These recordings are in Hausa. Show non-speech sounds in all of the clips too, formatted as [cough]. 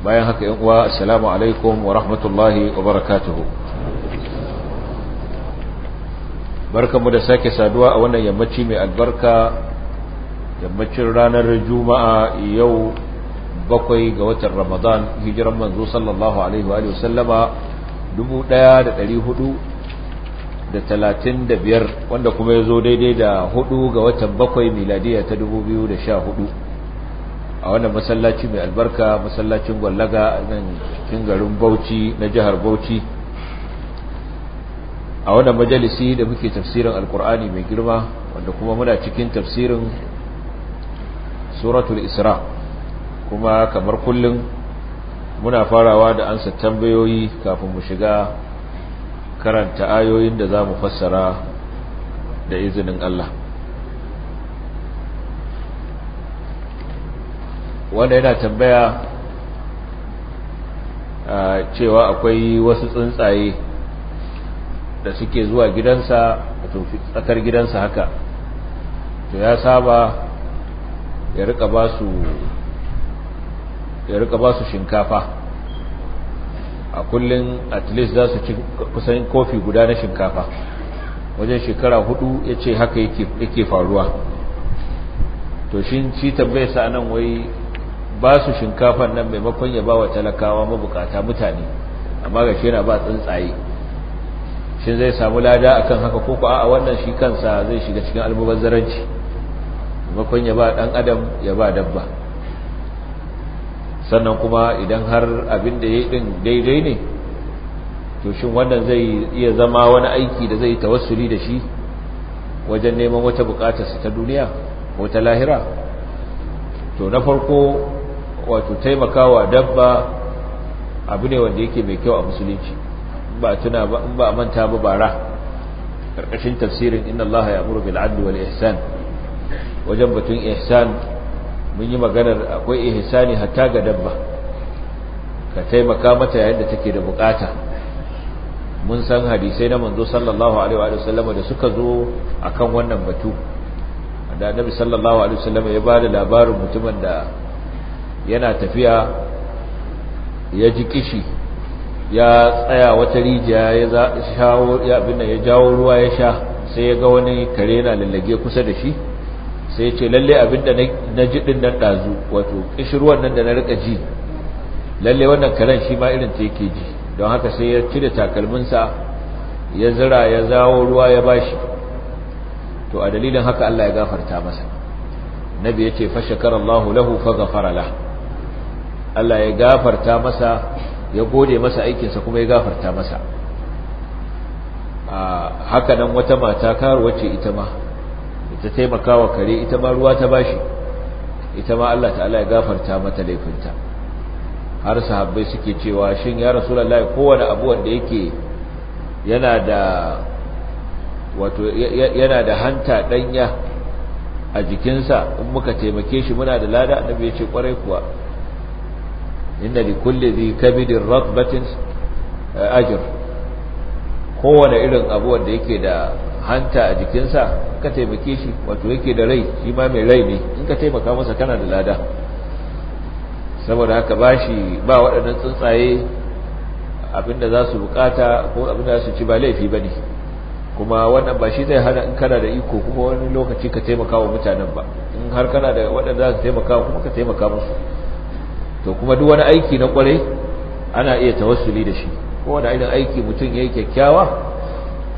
bayan haka yan uwa assalamu alaikum wa rahmatullahi wa barakatuhu barkamu da sake saduwa a wannan yammaci mai albarka yammacin ranar juma'a yau bakwai ga watan ramadan hijiran manzo sallallahu alaihi wa sallama biyar, wanda kuma ya zo daidai da 4 ga watan bakwai miladiya ta dubu biyu da sha hudu. a wannan masallaci mai albarka masallacin gwallaga nan cikin garin bauchi na jihar bauchi a wannan majalisi da muke tafsirin alkur'ani mai girma wanda kuma muna cikin tafsirin suratul isra kuma kamar kullum muna farawa da ansa tambayoyi kafin mu shiga karanta ayoyin da za mu fassara da izinin Allah wanda yana tambaya cewa akwai wasu tsuntsaye da suke zuwa gidansa a tsakar gidansa haka to ya saba ya rika ba su shinkafa a kullum at least za su ci kusan kofi guda na shinkafa wajen shekara hudu ya ce haka yake faruwa to shi ci tambayarsa nan wai ba su shinkafan nan maimakon ya ba wa talakawa mabukata mutane amma ga shi yana ba tsuntsaye shi zai samu lada akan haka ko kuwa? a wannan shi kansa zai shiga cikin zaranci maimakon ya ba dan adam ya ba dabba sannan kuma idan har abin da ya yi din daidai ne to shin wannan zai iya zama wani aiki da zai tawassuli da shi wajen neman wata bukatarsa ta duniya ko ta lahira to na farko wato taimakawa dabba abu ne wanda yake mai kyau a musulunci ba tuna ba in ba manta ba bara karkashin tafsirin inna Allah ya amuru bil adli wal ihsan wajen batun ihsan mun yi maganar akwai ihsani hatta ga dabba ka taimaka mata yayin da take da bukata mun san hadisai na manzo sallallahu alaihi wa sallama da suka zo akan wannan batu da annabi sallallahu alaihi wasallam ya bada labarin mutumin da yana tafiya ya ji kishi ya tsaya wata rijiya ya shawo ya abinda ya jawo ruwa ya sha sai ya ga wani kare na lallage kusa da shi sai ya ce lalle abin da na ji ɗin nan ɗazu, wato ruwan nan da na riƙa ji lalle wannan karen shi ma irin ta yake ji don haka sai ya cire takalminsa ya zira ya zawo ruwa ya bashi to a dalilin haka Allah ya gafarta masa nabi ce, fashe, Allah lahu fa gafara lahu Allah ya gafarta masa ya gode masa aikinsa kuma ya gafarta masa haka nan wata mata karuwa ce ita ma ita taimaka wa kare ita ma ruwa ta bashi ita ma Allah ta'ala ya gafarta mata laifinta har sahabbai suke cewa shin ya rasu rasulullahi kowane abu wanda yake yana da wato yana da hanta danya a jikinsa in muka taimake shi muna da lada annabi ya ce kwarai kuwa inna لكل ذي كبد kabidin أجر هو kowane irin abu wanda yake da hanta a jikinsa ka taimake shi wato yake da rai shi ma mai rai ne in ka taimaka masa da lada saboda haka bashi ba waɗannan tsuntsaye abinda za su bukata ko abinda za su ci ba laifi ba ne kuma wannan ba shi zai hana in kana da iko kuma wani lokaci ka taimaka wa mutanen ba in har kana da waɗanda za su taimaka kuma ka taimaka musu to kuma duk wani aiki na kwarai ana iya tawassuli da shi ko wani irin aiki mutum yayi kyakkyawa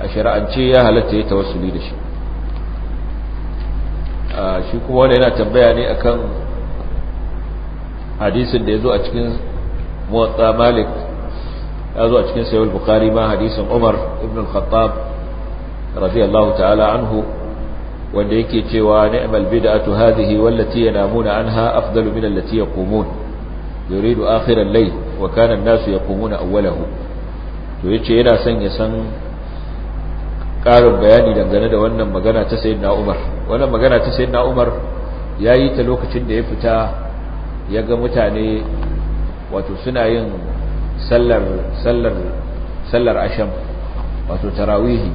a shari'ance ya halatta ya tawassuli da shi shi kuma wanda yana tambaya ne akan hadisin da ya zo a cikin Muwatsa malik ya zo a cikin sayar bukari ma hadisin umar ibn al-khattab radiyallahu ta'ala anhu wanda yake cewa ni'mal bid'atu hadhihi wallati yanamuna anha afdalu min allati yaqumun yuridu akhiral layl wa kana an-nasu yaqumuna awwalahu to yace yana son ya san ƙarin bayani dangane da wannan magana ta sayyidina Umar wannan magana ta sayyidina Umar yayi ta lokacin da ya fita ya ga mutane wato suna yin sallar sallar sallar asham wato tarawihi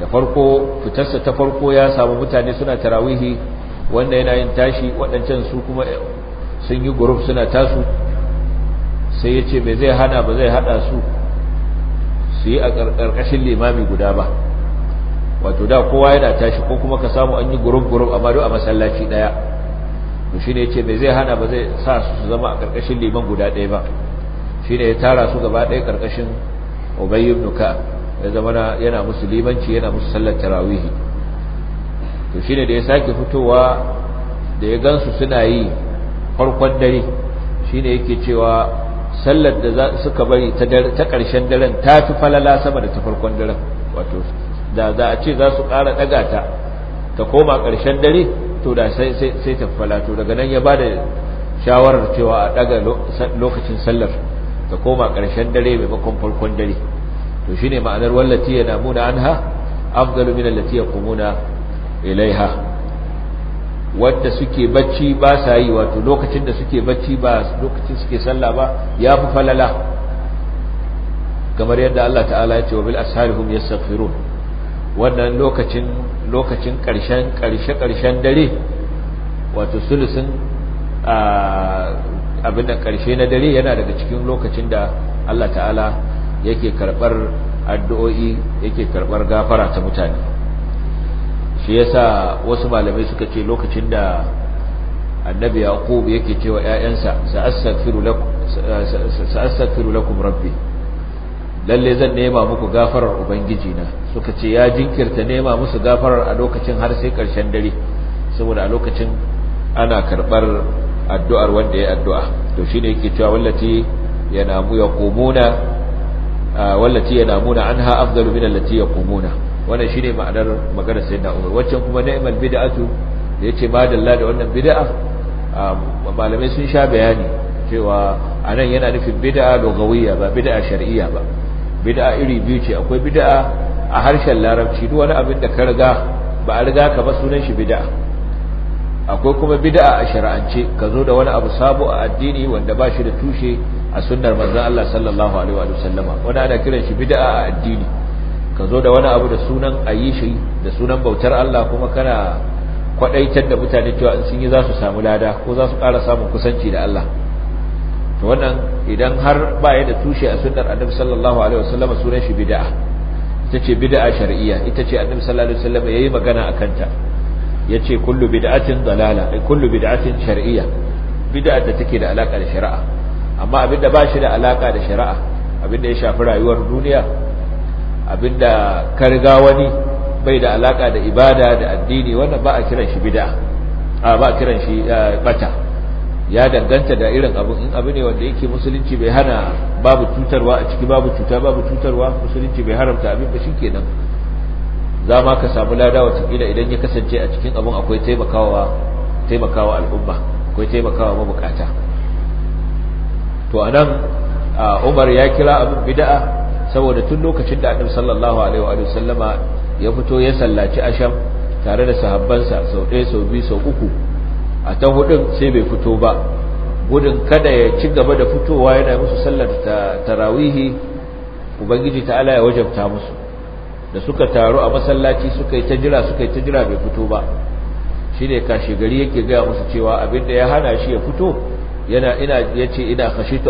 da farko fitarsa ta farko ya samu mutane suna tarawihi wanda yana yin tashi waɗancan su kuma sun yi guruf suna tasu sai ya ce mai zai hana ba zai hada su su yi a ƙarƙashin limami guda ba wato da kowa yana tashi ko kuma ka samu an yi guruf guruf amma duk a masallaci daya to shine ce me zai hana ba zai sa su zama a ƙarƙashin liman guda ɗaya ba shine ya tara su gaba ɗaya ƙarƙashin Ubay ibn ya zama yana musu limanci yana musu sallar tarawihi to shine da ya sake fitowa da ya gansu suna yi farkon dare shi shine yake cewa sallar da suka bari ta ƙarshen daren ta fi falala sama da ta farkon daren wato da za a ce za su ƙara ɗaga ta ta koma ƙarshen dare to da sai ta fala. To daga nan ya ba da shawarar cewa a ɗaga lokacin sallar ta koma ƙarshen dare maimakon farkon dare to shi ne ma'anar wallati ya namuna anha afgalu min allati kumuna ilaiha wadda suke bacci ba sa yi wato lokacin da suke bacci ba lokacin suke sallah ba ya fi falala kamar yadda Allah ta'ala ya ce wa bil asharihum yastaghfirun wannan lokacin lokacin karshen karshe karshen dare wato sulusin abin da karshe na dare yana daga cikin lokacin da Allah ta'ala yake karbar addu'o'i yake karbar gafara ta mutane shi yasa wasu malamai suka ce lokacin da annabi yaqub yake cewa ƴaƴansa sa'astaghfiru lakum lakum rabbi lalle zan nema muku gafarar ubangiji na suka ce ya jinkirta nema musu gafarar a lokacin har sai karshen dare saboda a lokacin ana karbar addu'ar wanda ya addu'a to shine yake cewa wallati yanamu yaqumuna wallati yanamuna anha afdalu min allati yaqumuna wannan shine ma'anar maganar sayyidina Umar waccan kuma ni'mal bid'atu da yace madalla da wannan bid'a um, malamai sun sha bayani cewa anan yana nufin bid'a lugawiyya ba bid'a shar'iyya ba bid'a iri biyu ce akwai bid'a a harshen larabci duk wani abin da ka riga ba a riga ka ba sunan shi bid'a akwai kuma bid'a a shar'ance ka zo da wani abu sabo a addini wanda ba shi da tushe a sunnar manzon Allah sallallahu alaihi wa sallama wanda ana kiran shi bid'a a addini ka zo da wani abu da sunan a shi da sunan bautar Allah kuma kana kwadaitar da mutane cewa in sun yi za su samu lada ko za su ƙara samun kusanci da Allah to wannan idan har ba ya da tushe a sunnar annabi sallallahu alaihi wasallam sunan shi bid'a ita ce bid'a shar'iyya ita ce annabi sallallahu alaihi wasallam yayi magana akan ta yace kullu bid'atin dalala ai eh, kullu bid'atin shar'iyya bid'a da take da alaka da shari'a amma abin da ba shi da alaka da shari'a abin da ya shafi rayuwar duniya abinda karga wani bai da alaka da ibada da addini wannan ba a kiran shi bid'a a ba a kiran shi bata ya danganta da irin abu in abu ne wanda yake musulunci bai hana babu cutarwa a ciki babu cuta babu cutarwa musulunci bai haramta abin ba shikenan za ma ka samu lada kila idan ya kasance a cikin abin akwai taimakawa taimakawa al'umma akwai taimakawa mabukata to anan umar ya kira abin bid'a saboda tun lokacin da annabi sallallahu alaihi wa sallama ya fito ya sallaci asham tare da sahabbansa sau ɗaya sau biyu sau uku a ta hudun sai bai fito ba gudun kada ya ci gaba da fitowa yana musu sallar ta tarawihi ubangiji ta'ala ya wajabta musu da suka taru a masallaci suka yi ta jira suka yi ta jira bai fito ba shi ne kashe gari yake gaya musu cewa abin da ya hana shi ya fito yana ina ya ce ina kashe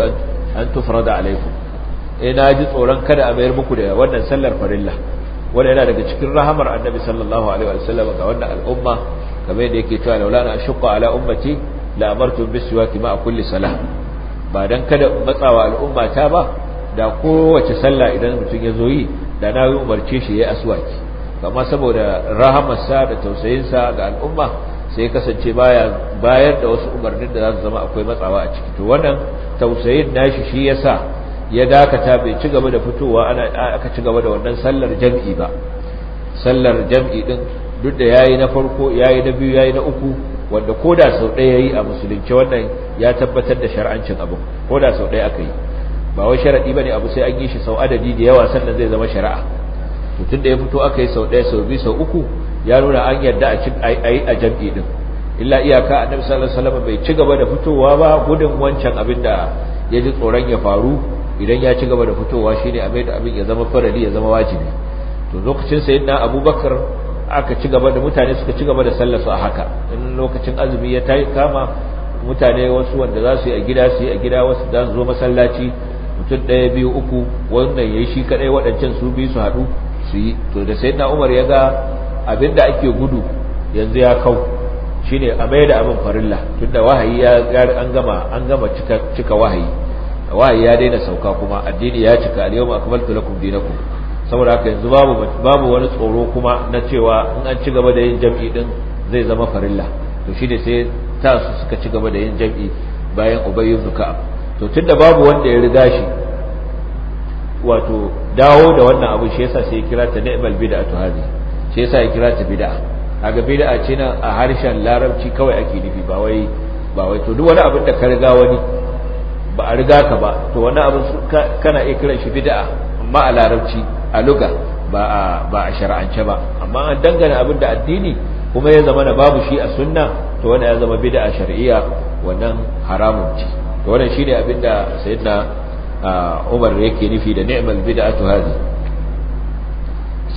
an tufrada alaikum eh na ji tsoron kada a bayar muku da wannan sallar farilla wanda yana daga cikin rahamar annabi sallallahu alaihi wasallam ga wannan al'umma kamar yadda yake cewa laula na ashqa ala ummati la amartu biswaki ma kulli salah ba dan kada matsawa al'umma ta ba da kowace sallah idan mutum ya zo yi da na yi umarce shi ya yi aswaki amma saboda rahamar sa da tausayin sa ga al'umma sai kasance baya bayar da wasu umarnin da za su zama akwai matsawa a ciki to wannan tausayin nashi shi yasa ya dakata bai ci gaba da fitowa aka ci gaba da wannan sallar jam'i ba sallar jam'i din duk da yayi na farko yayi na biyu yayi na uku wanda koda sau ɗaya yayi a musulunci wannan ya tabbatar da shar'ancin abu koda sau ɗaya aka yi ba wai sharadi bane abu sai an yi shi sau adadi da yawa sannan zai zama shari'a to da ya fito aka yi sau ɗaya sau biyu sau uku ya nuna an yarda a yi a jam'i din illa iyaka annabi sallallahu alaihi wasallam bai ci gaba da fitowa ba gudun wancan abin da ya ji tsoron ya faru idan ya ci gaba da fitowa shine a da abin ya zama faradi ya zama wajibi to lokacin na abubakar aka ci gaba da mutane suka ci gaba da sallar su a haka in lokacin azumi ya tayi kama mutane wasu wanda za su yi a gida su yi a gida wasu za su zo masallaci mutum ɗaya biyu uku wannan ya yi shi kaɗai waɗancan su biyu su haɗu su yi to da na umar ya ga abin da ake gudu yanzu ya kau shine a mai da abin farilla tunda wahayi ya an gama an gama cika wahayi wayi ya daina sauka kuma addini ya cika al-yawma akmaltu lakum dinakum saboda haka yanzu babu babu wani tsoro kuma na cewa in an ci gaba da yin jam'i din zai zama farilla to shine sai ta su suka ci gaba da yin jam'i bayan ubayy ibn ka'ab to tunda babu wanda ya riga shi wato dawo da wannan abu shi yasa sai ya kira ta ni'mal bid'atu hadi shi yasa ya kira ta bid'a kaga bid'a ce nan a harshen larabci kawai ake nufi ba wai ba wai to duk wani abin da ka riga wani ba a riga ka ba to wani abin kana iya kiran shi bid'a amma a larabci a luga ba a ba ba amma an dangane abin da addini kuma ya zama na babu shi a sunna to wani ya zama bid'a shar'iyya wannan haramun ci. to wannan shine abin da sayyidina Umar yake nufi da ni'mal bid'atu hadi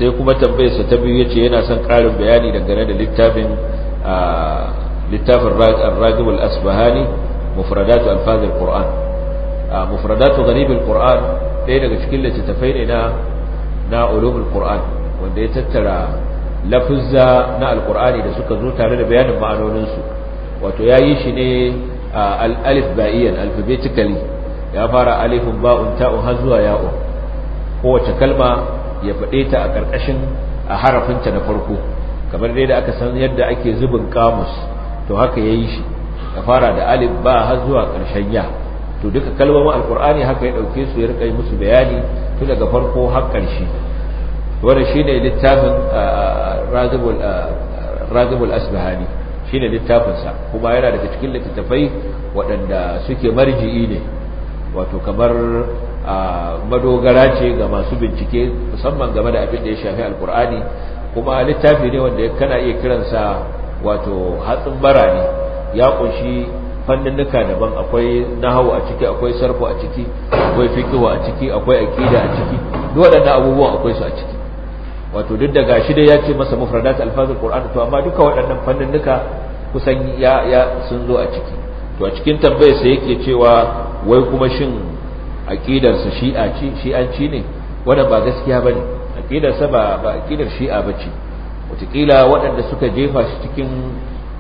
sai kuma tambayar sa ta biyu ya ce yana son ƙarin bayani dangane da littafin littafin ragibul asbahani mufradatu alfaz quran mufradatu gharibul qur'an ɗaya daga cikin littattafai ne na na ulumul qur'an wanda ya tattara lafuzza na alqur'ani da suka zo tare da bayanin ma'anonin su wato yayi shi ne al-alif ba'iyan alphabetically ya fara alifun ba'un ta'un har zuwa ya'un kowace kalma ya faɗeta ta a ƙarƙashin a harafinta na farko kamar dai da aka san yadda ake zubin kamus to haka yayi shi ya fara da alif ba har zuwa karshen ya' to duka kalmomin alkur'ani haka ya dauke su ya rika yi musu bayani tun daga farko har karshe wannan shine littafin razibul razibul asbahani shine littafin sa kuma yana daga cikin littattafai waɗanda suke marji'i ne wato kamar madogara ce ga masu bincike musamman game da abin da ya shafi alkur'ani kuma littafi ne wanda kana iya kiransa wato hatsin bara ya kunshi fanninnuka daban akwai nahawu a ciki akwai sarfu a ciki akwai fikihu a ciki akwai aqida a ciki duk waɗannan abubuwan akwai su a ciki wato duk da gashi dai ya ce masa mufradat alfazul qur'an to amma duka waɗannan fanninnuka kusan ya ya sun zo a ciki to a cikin tambayar sai yake cewa wai kuma shin aqidar sa shi'a ce shi'anci ne wannan ba gaskiya bane aqidar sa ba ba aqidar shi'a bace wataƙila waɗanda suka jefa shi cikin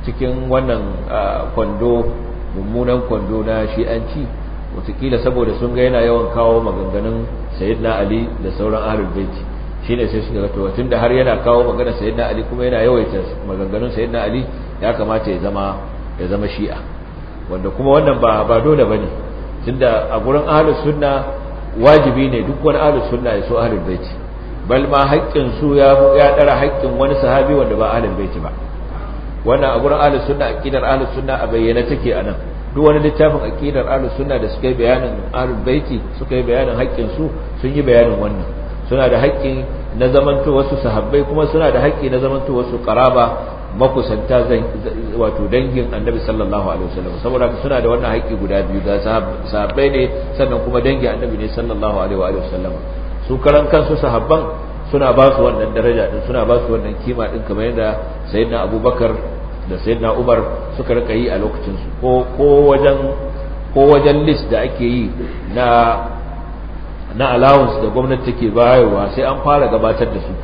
cikin wannan ah, kwando mummunan kwando na shi'anci watakila saboda sun ga yana yawan kawo maganganun sayyidina ali da sauran ahlul baiti shine sai suka ga da har yana kawo maganar sayyidina ali kuma yana yawaita maganganun sayyidina ali ya kamata ya zama ya zama shi'a wanda kuma wannan ba ba dole bane tunda a gurin ahlus sunna wajibi ne duk wani ahlus sunna ya so ahlul baiti bal haƙƙin su ya ya dara haƙƙin wani sahabi wanda ba ahlul baiti ba wannan a gurin ahlus sunna aqidar ahlus sunna a bayyana take anan duk wani littafin aqidar ahlus sunna da suka yi bayanin ahlul baiti suka yi bayanin haƙƙin su sun yi bayanin wannan suna da haƙƙi na zamanto wasu sahabbai kuma suna da haƙƙi na zamanto wasu qaraba makusanta wato dangin annabi sallallahu alaihi wasallam saboda suna da wannan haƙƙi guda biyu ga sahabbai ne sannan kuma dangin annabi ne sallallahu alaihi wasallam su karan kansu sahabban suna ba su wannan daraja din suna ba su wannan kima din kamar yadda sayyidina abubakar da sayyidina umar suka rika yi a lokacin su ko ko wajen ko wajen list da ake yi na na allowance da gwamnati take bayarwa sai an fara gabatar da su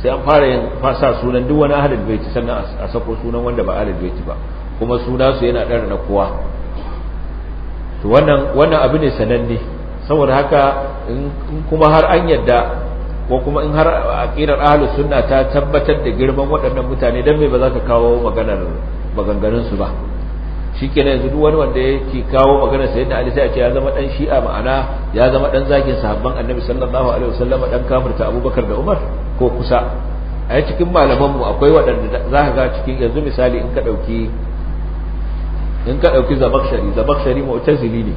sai an fara yin fasa sunan duk wani ahlul baiti sannan a sako sunan wanda ba ahlul baiti ba kuma suna su yana dare na kowa to wannan wannan abu ne sananne saboda haka in kuma har an yadda ko kuma in har aqidar ahlus sunna ta tabbatar da girman waɗannan mutane dan me ba za ka kawo maganar maganganun su ba shikenan yanzu duk wani wanda yake kawo maganar sayyidina ali sai a ce ya zama dan shi'a ma'ana ya zama dan zakin sahabban annabi sallallahu alaihi wasallam dan kafirta abubakar da umar ko kusa a cikin malaman mu akwai waɗanda za ka ga cikin yanzu misali in ka dauki in ka dauki zabakshari zabakshari mu'tazili ne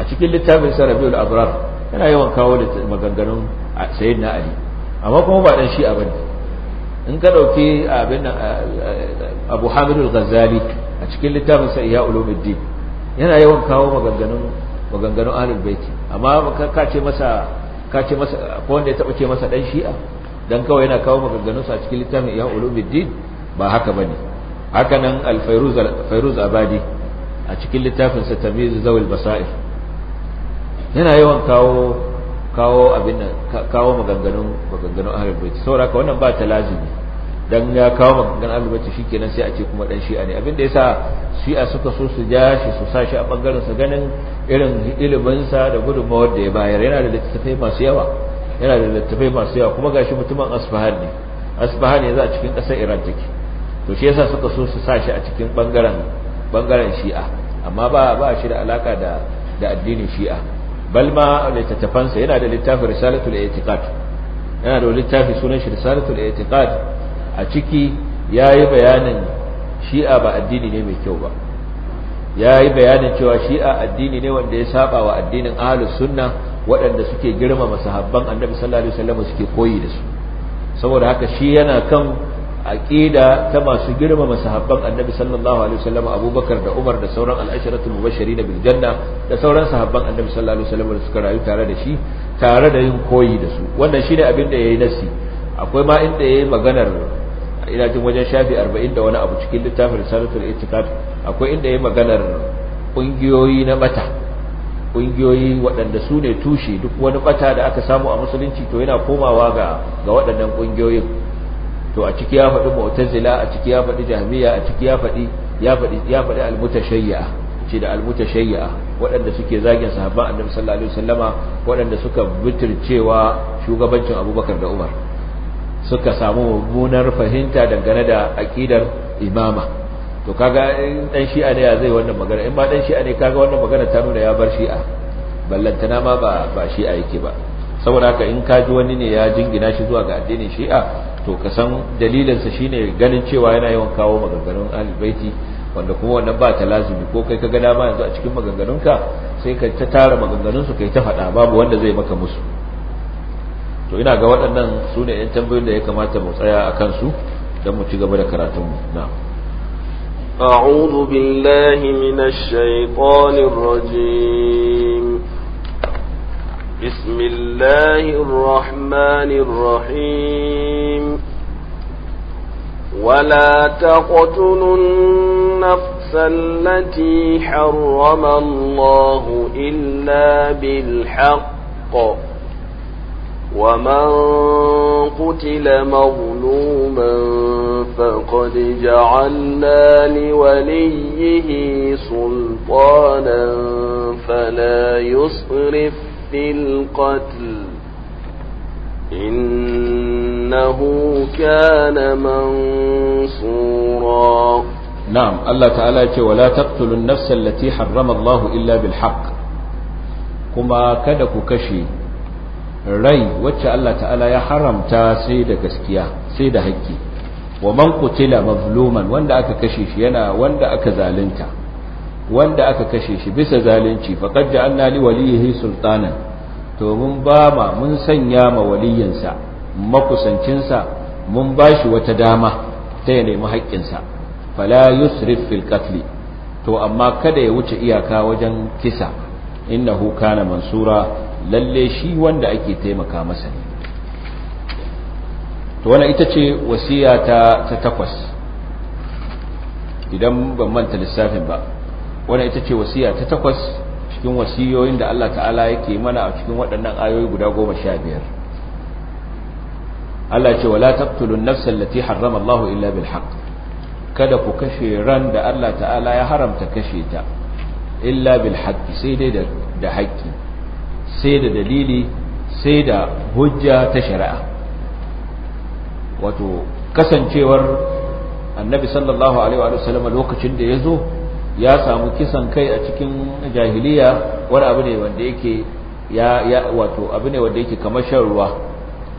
a cikin littafin sarabiyul abrar yana yawan kawo da maganganun sayin na ali amma kuma ba dan shi'a bane in ka dauki abin abu al ghazali a cikin littafin sa iya ulumuddin yana yawan kawo maganganun maganganun ahlul baiti amma ka ce masa ka ce masa ko wanda ya taba ce masa dan shi'a dan kawai yana kawo maganganun sa a cikin littafin iya ulumuddin ba haka bane haka nan al-fayruz fayruz abadi a cikin littafin sa tamyiz zawil basair yana yawan kawo kawo abin nan kawo maganganun maganganun ahlul bait saboda ka wannan ba ta lazimi dan ya kawo maganganun ahlul bait shikenan sai a ce kuma dan shi'a ne abin da yasa shi'a suka so su ja shi su sa shi a bangaren sa ganin irin ilimin sa da gudunmawar da ya bayar yana da littattafai masu yawa yana da littattafai masu yawa kuma gashi mutumin Asfahan ne Asfahan ne za a cikin ƙasar Iran take to shi yasa suka so su sa shi a cikin bangaren bangaren shi'a amma ba ba shi da alaka da da addinin shi'a bal ma littattafansa yana da littafin risalatul i'tiqad yana da littafi sunan shi risalatul i'tiqad a ciki yayi bayanin shi'a ba addini ne mai kyau ba yayi bayanin cewa shi'a addini ne wanda ya saba wa addinin ahlus sunna waɗanda suke girmama sahabban annabi sallallahu alaihi wasallam suke koyi da su saboda haka shi yana kan aqida ta masu girmama sahabban annabi sallallahu alaihi wasallam abubakar da umar da sauran al'asharatul mubashirin bil janna da sauran sahabban annabi sallallahu alaihi wasallam da suka rayu tare da shi tare da yin koyi da su wannan shine abin da yayi nasi akwai ma inda yayi maganar ina jin wajen shafi 40 da wani abu cikin littafin risalatul itiqad akwai inda yayi maganar kungiyoyi na bata kungiyoyi waɗanda su ne tushe duk wani bata da aka samu a musulunci to yana komawa ga ga waɗannan kungiyoyin to a ciki ya faɗi mu'tazila a ciki ya faɗi jahmiya a ciki ya faɗi ya faɗi ya faɗi al-mutashayyi'a ce da al-mutashayyi'a waɗanda suke zagin sahabban annabi sallallahu alaihi wasallama waɗanda suka bitircewa shugabancin Abubakar da Umar suka samu mummunar fahimta dangane da aqidar imama to kaga in dan shi'a ne ya zai wannan magana in ba dan shi'a ne kaga wannan magana ta nuna ya bar shi'a ballantana ma ba ba shi'a yake ba saboda haka in kaji wani ne ya jingina shi zuwa ga addinin shi'a to ka san dalilinsa shine ganin cewa yana yawan kawo maganganun alibaiti wanda kuma wannan ba ta lazimi ko kai ka ga dama yanzu a cikin maganganunka sai ka ta tara maganganunsu kai ta faɗa babu wanda zai maka musu to ina ga waɗannan su ne ‘yan tambayoyin da ya kamata mu tsaya a kansu don mu ci gaba da karatunmu na أعوذ بالله من الشيطان الرجيم بسم الله الرحمن الرحيم ولا تقتلوا النفس التي حرم الله إلا بالحق ومن قتل مظلوما فقد جعلنا لوليه سلطانا فلا يسرف في القتل إن إنه كان منصورا نعم wa la ولا تقتلوا النفس التي حرم الله إلا Kuma kada ku kashe rai wacce Allah ta'ala ya haramta sai da gaskiya sai da hakki. wa man qutila mazluman wanda aka kashe shi yana wanda aka zalunta wanda aka kashe shi bisa zalunci faqad ja'alna li waliyhi sultanan to mun ba mun sanya ma waliyansa makusancinsa mun ba shi wata dama ta ya nemi haƙƙinsa fala yusrif fil qatl to amma kada ya wuce iyaka wajen kisa innahu kana mansura lalle shi wanda ake taimaka masa ne to wannan ita ce wasiya ta ta takwas idan ban manta lissafin ba wannan ita ce wasiya ta takwas cikin wasiyoyin da Allah ta'ala yake mana a cikin waɗannan ayoyi guda goma sha biyar Allah ce wala taqtulun nafsa allati harrama Allah illa bil haqq kada ku kashe ran da Allah ta'ala ya haramta kashe ta illa bil haqqi sai dai da haƙƙi sai da dalili sai da hujja ta shari'a wato kasancewar annabi sallallahu alaihi wa sallam lokacin da ya zo ya samu kisan kai a cikin jahiliya wani abu ne wanda yake ya wato abu ne wanda yake kamar shan ruwa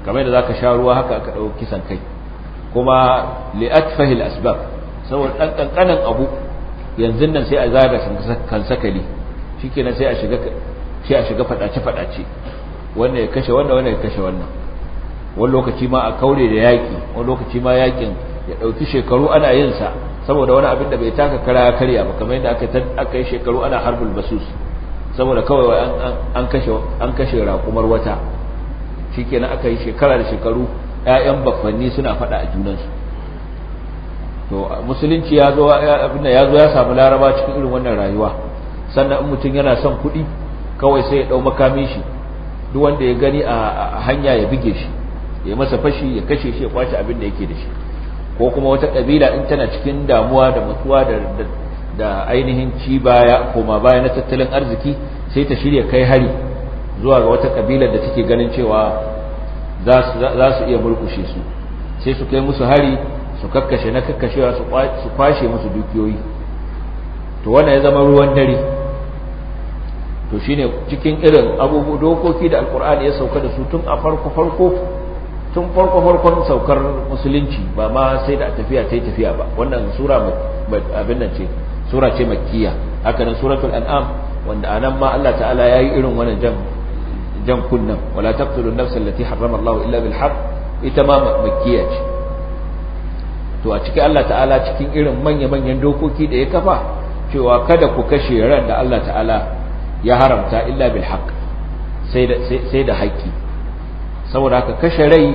kamar da zaka sha ruwa haka aka ɗauki kisan kai kuma li'atfahi al-asbab saboda dan kankanin abu yanzu nan sai a zaga kan sakali shikenan sai a shiga sai a shiga fadace fadace wannan ya kashe wannan wannan ya kashe wannan wani lokaci ma a kaure da yaki wani lokaci ma yakin ya dauki shekaru ana yin sa saboda wani abin da bai taka kara ya karya ba kamar yadda aka aka yi shekaru ana harbul basus saboda kawai an kashe an kashe raƙumar wata shikenan aka yi shekara da shekaru Ya'yan bakwanni suna faɗa a junansu to musulunci ya zo abinda ya zo ya samu laraba cikin irin wannan rayuwa sannan in mutum yana son kuɗi kawai sai ya ɗau makamin shi duk wanda ya gani a hanya ya bige shi ya masa fashi ya kashe shi ya kwace abin da yake da shi ko kuma wata ƙabila in tana cikin damuwa da mutuwa da da ainihin ci baya koma baya na tattalin arziki sai ta shirya kai hari zuwa ga wata kabilar da take ganin cewa za su iya mulkushe su sai su kai musu hari su kakkashe na kakkashewa su kwashe musu dukiyoyi to wannan ya zama ruwan dare to shine cikin irin abubu dokoki da alkur'ani ya sauka da su tun a farko farko tun farko farkon saukar musulunci ba ma sai da tafiya ta yi tafiya ba wannan sura abin nan ce sura ce makkiya haka nan suratul an'am wanda anan ma Allah ta'ala ya yi irin wannan jan jan kunnan wala taqtulun nafsa allati harrama Allah illa bil haqq ita ma makkiya ce to a cikin Allah ta'ala cikin irin manya-manyan dokoki da ya kafa cewa kada ku kashe ran da Allah ta'ala ya haramta illa bil haqq sai da sai da haƙƙi saboda haka kashe rai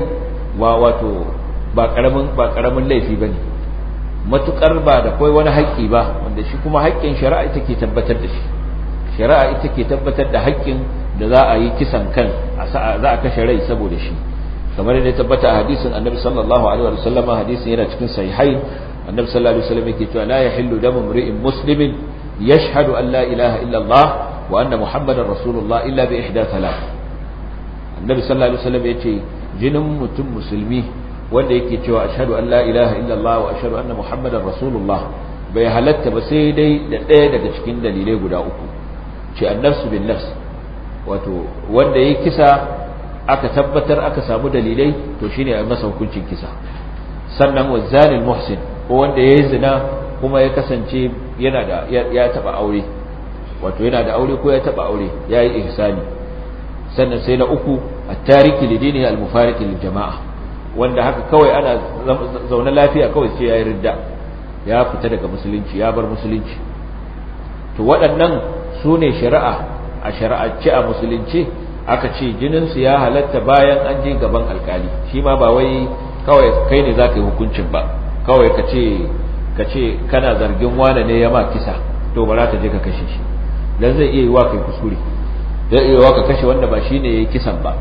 wa wato ba karamin ba karamin laifi bane matukar ba da kai wani haƙƙi ba wanda shi kuma haƙƙin shari'a ita ke tabbatar da shi shari'a ita ke tabbatar da haƙƙin da za a yi kisan kan za a kashe rai saboda shi kamar yadda ya tabbata a hadisin annabi sallallahu alaihi wa sallam hadisin yana cikin sahihai annabi sallallahu alaihi wa sallam yake cewa la yahillu damu imri'in muslimin yashhadu an la ilaha illa Allah wa anna muhammadar rasulullah illa bi ihda thalath annabi sallallahu alaihi wa sallam yace jinin mutum musulmi wanda yake cewa ashhadu an la ilaha illa Allah wa ashhadu anna muhammadar rasulullah bai halatta ba sai dai da ɗaya daga cikin dalilai guda uku ce annafsu bin nafs wato wanda ya kisa aka tabbatar aka samu dalilai to shine a masa hukuncin kisa sannan wa zanin muhsin ko wanda ya yi zina kuma ya kasance yana da ya taba aure wato yana da aure ko ya taba aure ya yi ihsani sannan sai na uku at-tariki lidini al lil jama'a wanda haka kawai ana zaune lafiya kawai sai ya yi ridda ya fita daga musulunci ya bar musulunci to waɗannan su ne shari'a a ce a musulunci aka ce jininsu ya halatta bayan an je gaban alkali shi ma ba wai kawai kai ne za ka yi hukuncin ba kawai ka ce kana zargin wane ne ya ma kisa to ba za ka je ka kashe shi dan zai iya yi wa kai kusuri zai iya yi wa ka kashe wanda ba shi ne ya yi kisan ba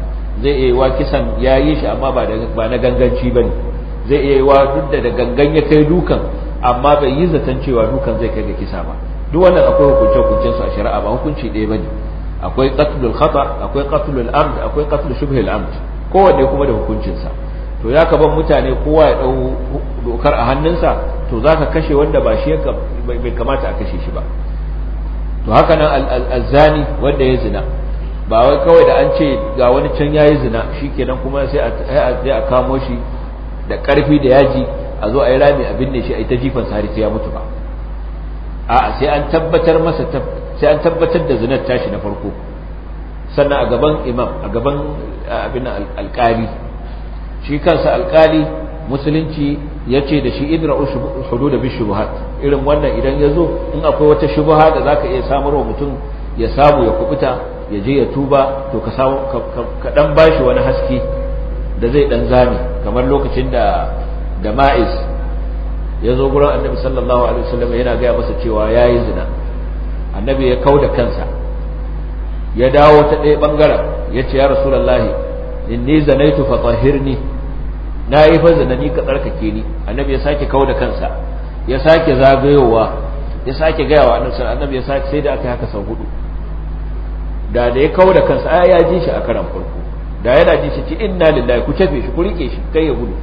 zai iya yi wa kisan ya yi shi amma ba na ganganci ba ne zai iya yi wa duk da gangan ya kai dukan amma bai yi zaton cewa dukan zai kai ga kisa ba duk wannan akwai hukunce hukuncen su a shari'a ba hukunci ɗaya ne akwai katulul khata akwai katulul amd akwai katulul shubhul amd kowanne kuma da hukuncinsa to ya ka ban mutane kowa ya dau dokar a hannunsa to zaka kashe wanda ba shi bai kamata a kashe shi ba to haka nan al wanda ya zina ba wai kawai da an ce ga wani can ya yi zina shi nan kuma sai a a kamo shi da ƙarfi da yaji a zo a yi rami a binne shi a yi ta jifan sa har sai ya mutu ba a'a sai an tabbatar masa sai an tabbatar da zinar tashi na farko sannan a gaban imam a gaban abin alƙali shi kansa alƙali musulunci ya ce da shi idra hudu da bishubuhat irin wannan idan ya zo in akwai wata shubuha da za ka iya samar wa mutum ya samu ya kubuta ya je ya tuba to ka samu ka dan bashi wani haske da zai dan zame kamar lokacin da da ma'iz ya zo gura annabi sallallahu alaihi wasallam yana gaya masa cewa ya yi zina annabi ya kau da kansa ya dawo ta ɗaya ɓangaren ya ce ya rasulallahi inni zanaitu fa tahirni na yi fa zina ni ka tsarkake ni annabi ya sake kau da kansa ya sake zagayowa ya sake gaya wa annabi annabi ya sake sai da aka haka sau hudu da da ya kau da kansa ai ya ji shi a karan farko da yana ji shi inna lillahi ku tafe shi ku rike shi kai ya gudu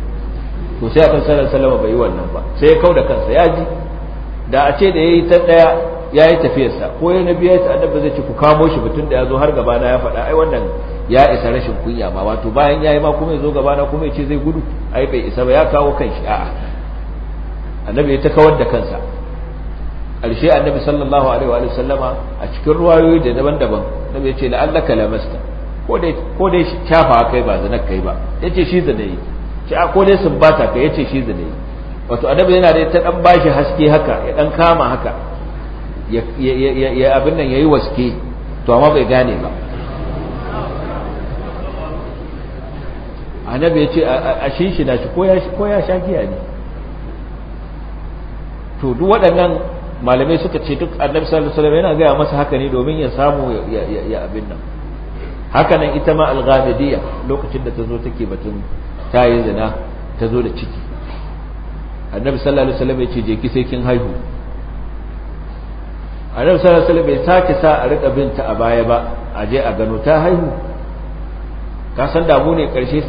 to sai akan sallallahu Salama bai yi wannan ba sai ya da kansa ya ji da a ce da ya yayi ta daya yi tafiyarsa ko ya nabi ya ta annabi zai ci ku kamo shi mutum da ya zo har gaba na ya faɗa ai wannan ya isa rashin kunya ma wato bayan ya yi ma kuma ya zo gaba na kuma ya ce zai gudu ai bai isa ba ya kawo kanshi a'a annabi ya ta kawar da kansa ƙarshe annabi sallallahu alaihi wa sallama a cikin ruwayoyi da daban-daban annabi ya ce la'allaka lamasta ko dai ko dai shafa kai ba zanar kai ba yace shi zanayi ce a ko dai sun bata ka yace shi zane wato annabi yana da ta dan bashi haske haka ya dan kama haka ya abin nan yayi waske to amma bai gane ba annabi yace a shi shi shi ko ya ko ya shakiya ne to duk waɗannan malamai suka ce duk annabi sallallahu alaihi wasallam yana gaya masa haka ne domin ya samu ya abin nan haka nan ita ma al-ghamidiyya lokacin da ta zo take batun ta yi zina ta zo da ciki annabi sallallahu alaihi wasallam ya ce je ki sai kin haihu annabi sallallahu alaihi wasallam bai sake sa a rika binta a baya ba a je a gano ta haihu ka san damu ne karshe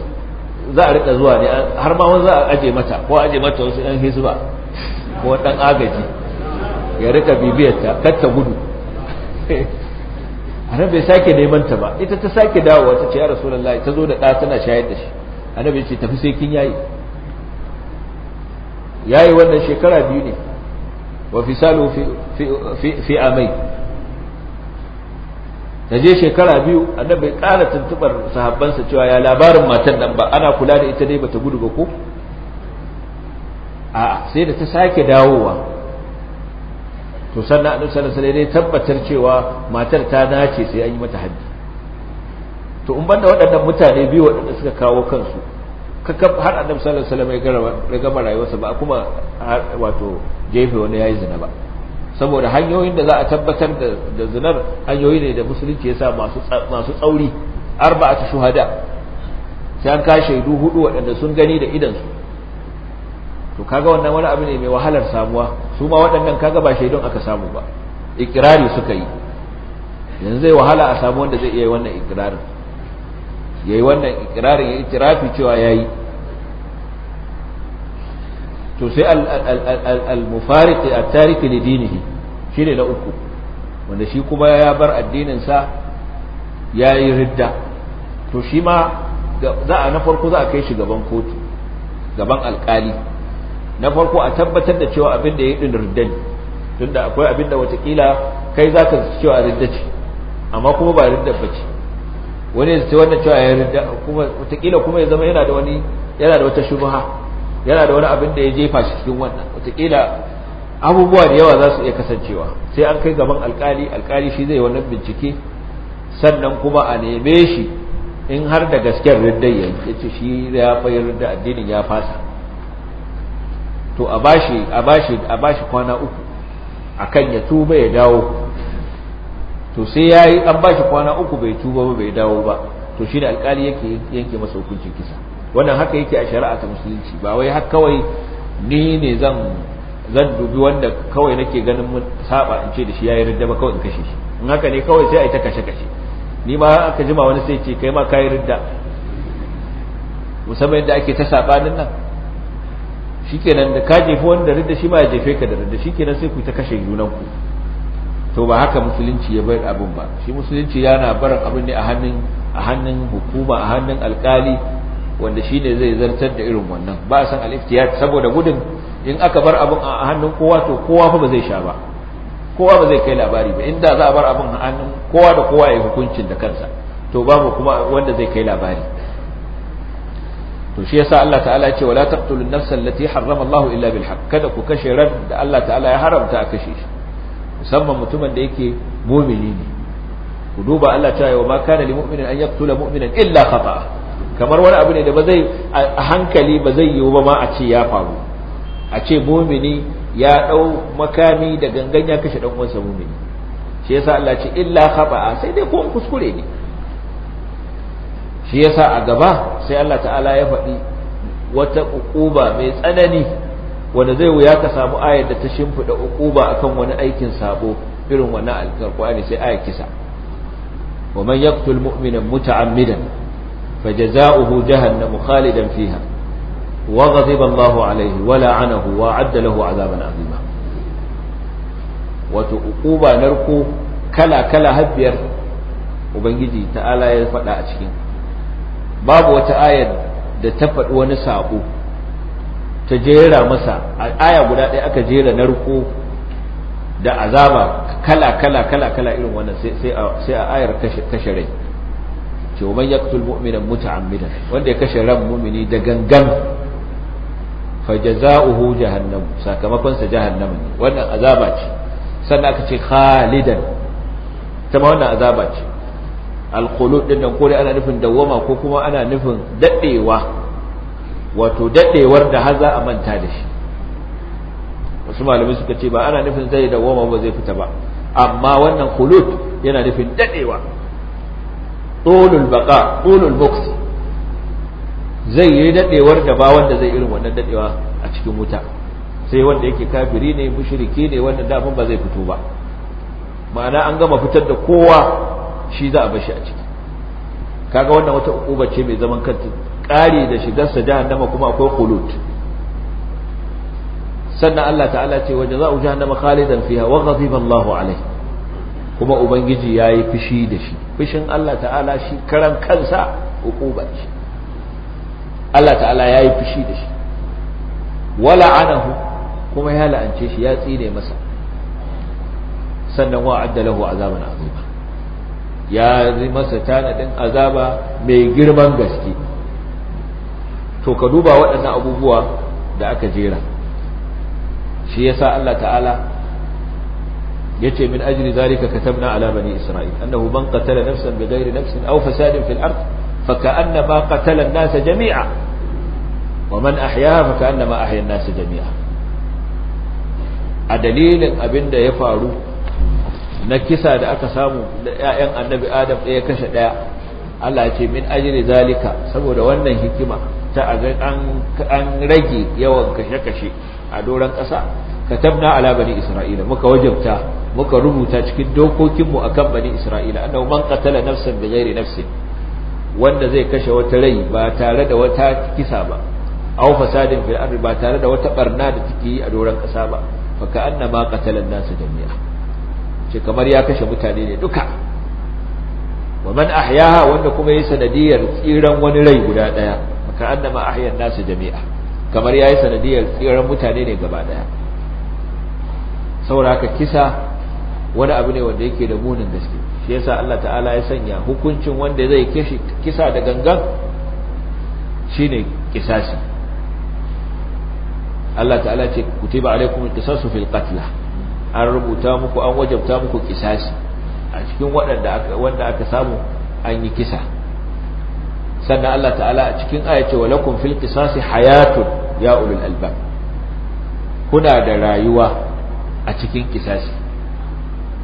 za a rika zuwa ne har ma wani za a aje mata ko aje mata wasu ɗan hisba, ko ɗan agaji ya rika bibiyar ta kar ta gudu [laughs] annabi bai sake neman ta ba ita ta sake dawowa ta ce ya rasulullahi ta zo da ɗa tana shayar da shi annabi ce tafi sai kin yayi yayi wannan shekara biyu ne wa fisalu fi fi fi amai taje shekara biyu annabi bai ƙara tuntubar sahabbansa cewa ya labarin matan nan ba ana kula da ita dai bata gudu ba ko a sai da ta sake dawowa to sannan annabi sallallahu alaihi wasallam tabbatar cewa matar ta dace sai an yi mata haddi to in banda waɗannan mutane biyu waɗanda suka kawo kansu har annabi sallallahu alaihi wasallam ya gama rayuwarsa ba kuma wato jefe wani yayi zina ba saboda hanyoyin da za a tabbatar da zinar hanyoyi ne da musulunci ya sa masu tsauri arba'atu shuhada sai an kashe shaidu hudu waɗanda sun gani da su, to kaga wannan wani abu ne mai wahalar samuwa su ma waɗannan kaga ba shaidun aka samu ba ikirari suka yi yanzu zai wahala a samu wanda zai iya wannan ikirarin yayi wannan ikirarin ya itirafi cewa yayi to sai al-mufariq at-tariki li dinihi shine na uku wanda shi kuma ya bar addinin sa yi ridda to shi ma za a na farko za a kai shi gaban kotu gaban alkali na farko a tabbatar da cewa abin da ya din ridda ne tunda akwai abin da watakila kai zaka cewa ridda ce amma kuma ba ridda ce. wani ya ce wannan cewa ya rida kuma watakila kuma ya zama yana da wani yana da wata shubha yana da wani abin da ya jefa shi cikin wannan watakila abubuwa da yawa za su iya kasancewa sai an kai gaban alƙali alƙali shi zai wannan bincike sannan kuma a neme shi in har da gasken riddai ya ce shi ya fayar da addinin ya fasa to a bashi a bashi a bashi kwana uku akan ya tuba ya dawo to sai yi an ba shi kwana uku bai tuba ba bai dawo ba to shi da alkali yake yanke masa hukuncin kisa wannan haka yake a shari'a ta musulunci ba wai har kawai ni ne zan zan dubi wanda kawai nake ganin mun saba in ce da shi yayi ridda ba kawai in kashe shi in haka ne kawai sai a yi ta kashe kashe ni ma aka jima wani sai ce kai ma kai ridda musamman yadda ake ta sabanin nan shikenan da ka jefi wanda ridda shi ma ya jefe ka da ridda shikenan sai ku ta kashe junan ku to ba haka musulunci ya bayar abin ba shi musulunci yana barin abin ne a hannun a hannun hukuma a hannun alkali wanda shi ne zai zartar da irin wannan ba a san al-iftiyat saboda gudun in aka bar abin a hannun kowa to kowa fa ba zai sha ba kowa ba zai kai labari ba inda za a bar abin a hannun kowa da kowa ya hukuncin da kansa to babu kuma wanda zai kai labari to shi yasa Allah ta'ala ya ce wala taqtulun nafsal lati harrama Allah illa bil haqq kada ku kashe ran da Allah ta'ala ya haramta a kashe shi musamman mutumin da yake mu'mini ne ku duba Allah ta yi wa ma kana lil mu'minin an yaqtula mu'minan illa khata'a kamar wani abu ne da ba zai a hankali ba zai yiwu ba ma a ce ya faru a ce mumini ya dau makami da gangan ya kashe dan uwansa mumini shi yasa Allah ce illa khata'a sai dai ko kuskure ne shi yasa a gaba sai Allah ta'ala ya faɗi wata ukuba mai tsanani wanda zai wuya ka samu ayar da ta shimfiɗa uquba akan wani aikin sabo irin wannan alƙur'ani sai ayar kisa wa man yaqtul mu'mina muta'ammidan fajaza'uhu jahannamu khalidan fiha wa ghadiba Allahu alayhi wa la'anahu wa 'adda lahu 'adaban 'azima wato uquba narko kala kala biyar ubangiji ta'ala ya faɗa a cikin babu wata ayar da ta faɗi wani sabo ta jera masa a aya guda ɗaya aka jera narko da azaba kala kala kala kala irin wannan sai a ayar kashe rai ce wa man yaqtul wanda ya kashe ran mu'mini da gangan fajaza'uhu jahannam sakamakon sa jahannam ne wannan azaba ce sannan aka ce khalidan ta ma wannan azaba ce alqulud ɗin nan ko dai ana nufin dawwama ko kuma ana nufin daɗewa wato daɗewar da haza a manta da shi wasu malamai suka ce ba ana nufin zai dawoma ba zai fita ba amma wannan khulud yana nufin daɗewa tsolul baka tsolul buks zai yi daɗewar da ba wanda zai irin wannan daɗewa a cikin wuta sai wanda yake kafiri ne mushriki ne wanda dafin ba zai fito ba ma'ana an gama fitar da kowa shi za a bashi a ciki kaga wannan wata ukuba ce mai zaman kanta ƙari da shigarsa jahannama kuma akwai khulud sannan Allah ta'ala ce wa za'u jahannama khalidan fiha wa ghadiba Allah alaihi kuma ubangiji yayi fishi da shi fishin Allah ta'ala shi karan kansa hukuba shi Allah ta'ala yayi fishi da shi wala anahu kuma ya la'ance shi ya tsine masa sannan wa adda lahu azaban azima ya yi masa tanadin azaba mai girman gaske to ka duba waɗannan abubuwa da aka jera shi yasa Allah ta'ala ya ce min ajli zalika katabna ala bani isra'il annahu man qatala nafsan bighairi nafsin aw fasadin fil ard faka'annama qatala an-nasa jami'a wa man ahyaha faka'annama ahya an-nasa jami'a a dalilin abinda ya faru na kisa da aka samu da ƴaƴan annabi adam ɗaya kashe ɗaya Allah ya ce min ajiri zalika saboda wannan hikima ta an rage yawan kashe-kashe a doron ƙasa Ka tabna ala bani isra'ila muka wajabta muka rubuta cikin dokokinmu a kan bani isra'ila annahu man qatala nafsan bighairi nafsin wanda zai kashe wata rai ba tare da wata kisa ba aw fasadin fil ardi ba tare da wata barna da take yi a doron ƙasa ba fa ka annama qatala nasu jami'a ce kamar ya kashe mutane ne duka wa man ahyaha wanda kuma yayi sanadiyar tsiran wani rai guda daya ka annama ahyan nasu jami'a kamar yayi sanadiyar tsiran mutane ne gaba daya saboda haka kisa wani abu ne wanda yake da munin gaske shi yasa Allah ta'ala ya sanya hukuncin wanda zai kishi kisa da gangan shine kisasi Allah ta'ala ce kutiba alaikum kisasu fil qatla an rubuta muku an wajabta muku kisasi a cikin waɗanda wanda aka samu an yi kisa sannan Allah ta'ala a cikin aya ce walakum fil qisasi hayatun ya ulul albab kuna da rayuwa a cikin kisasi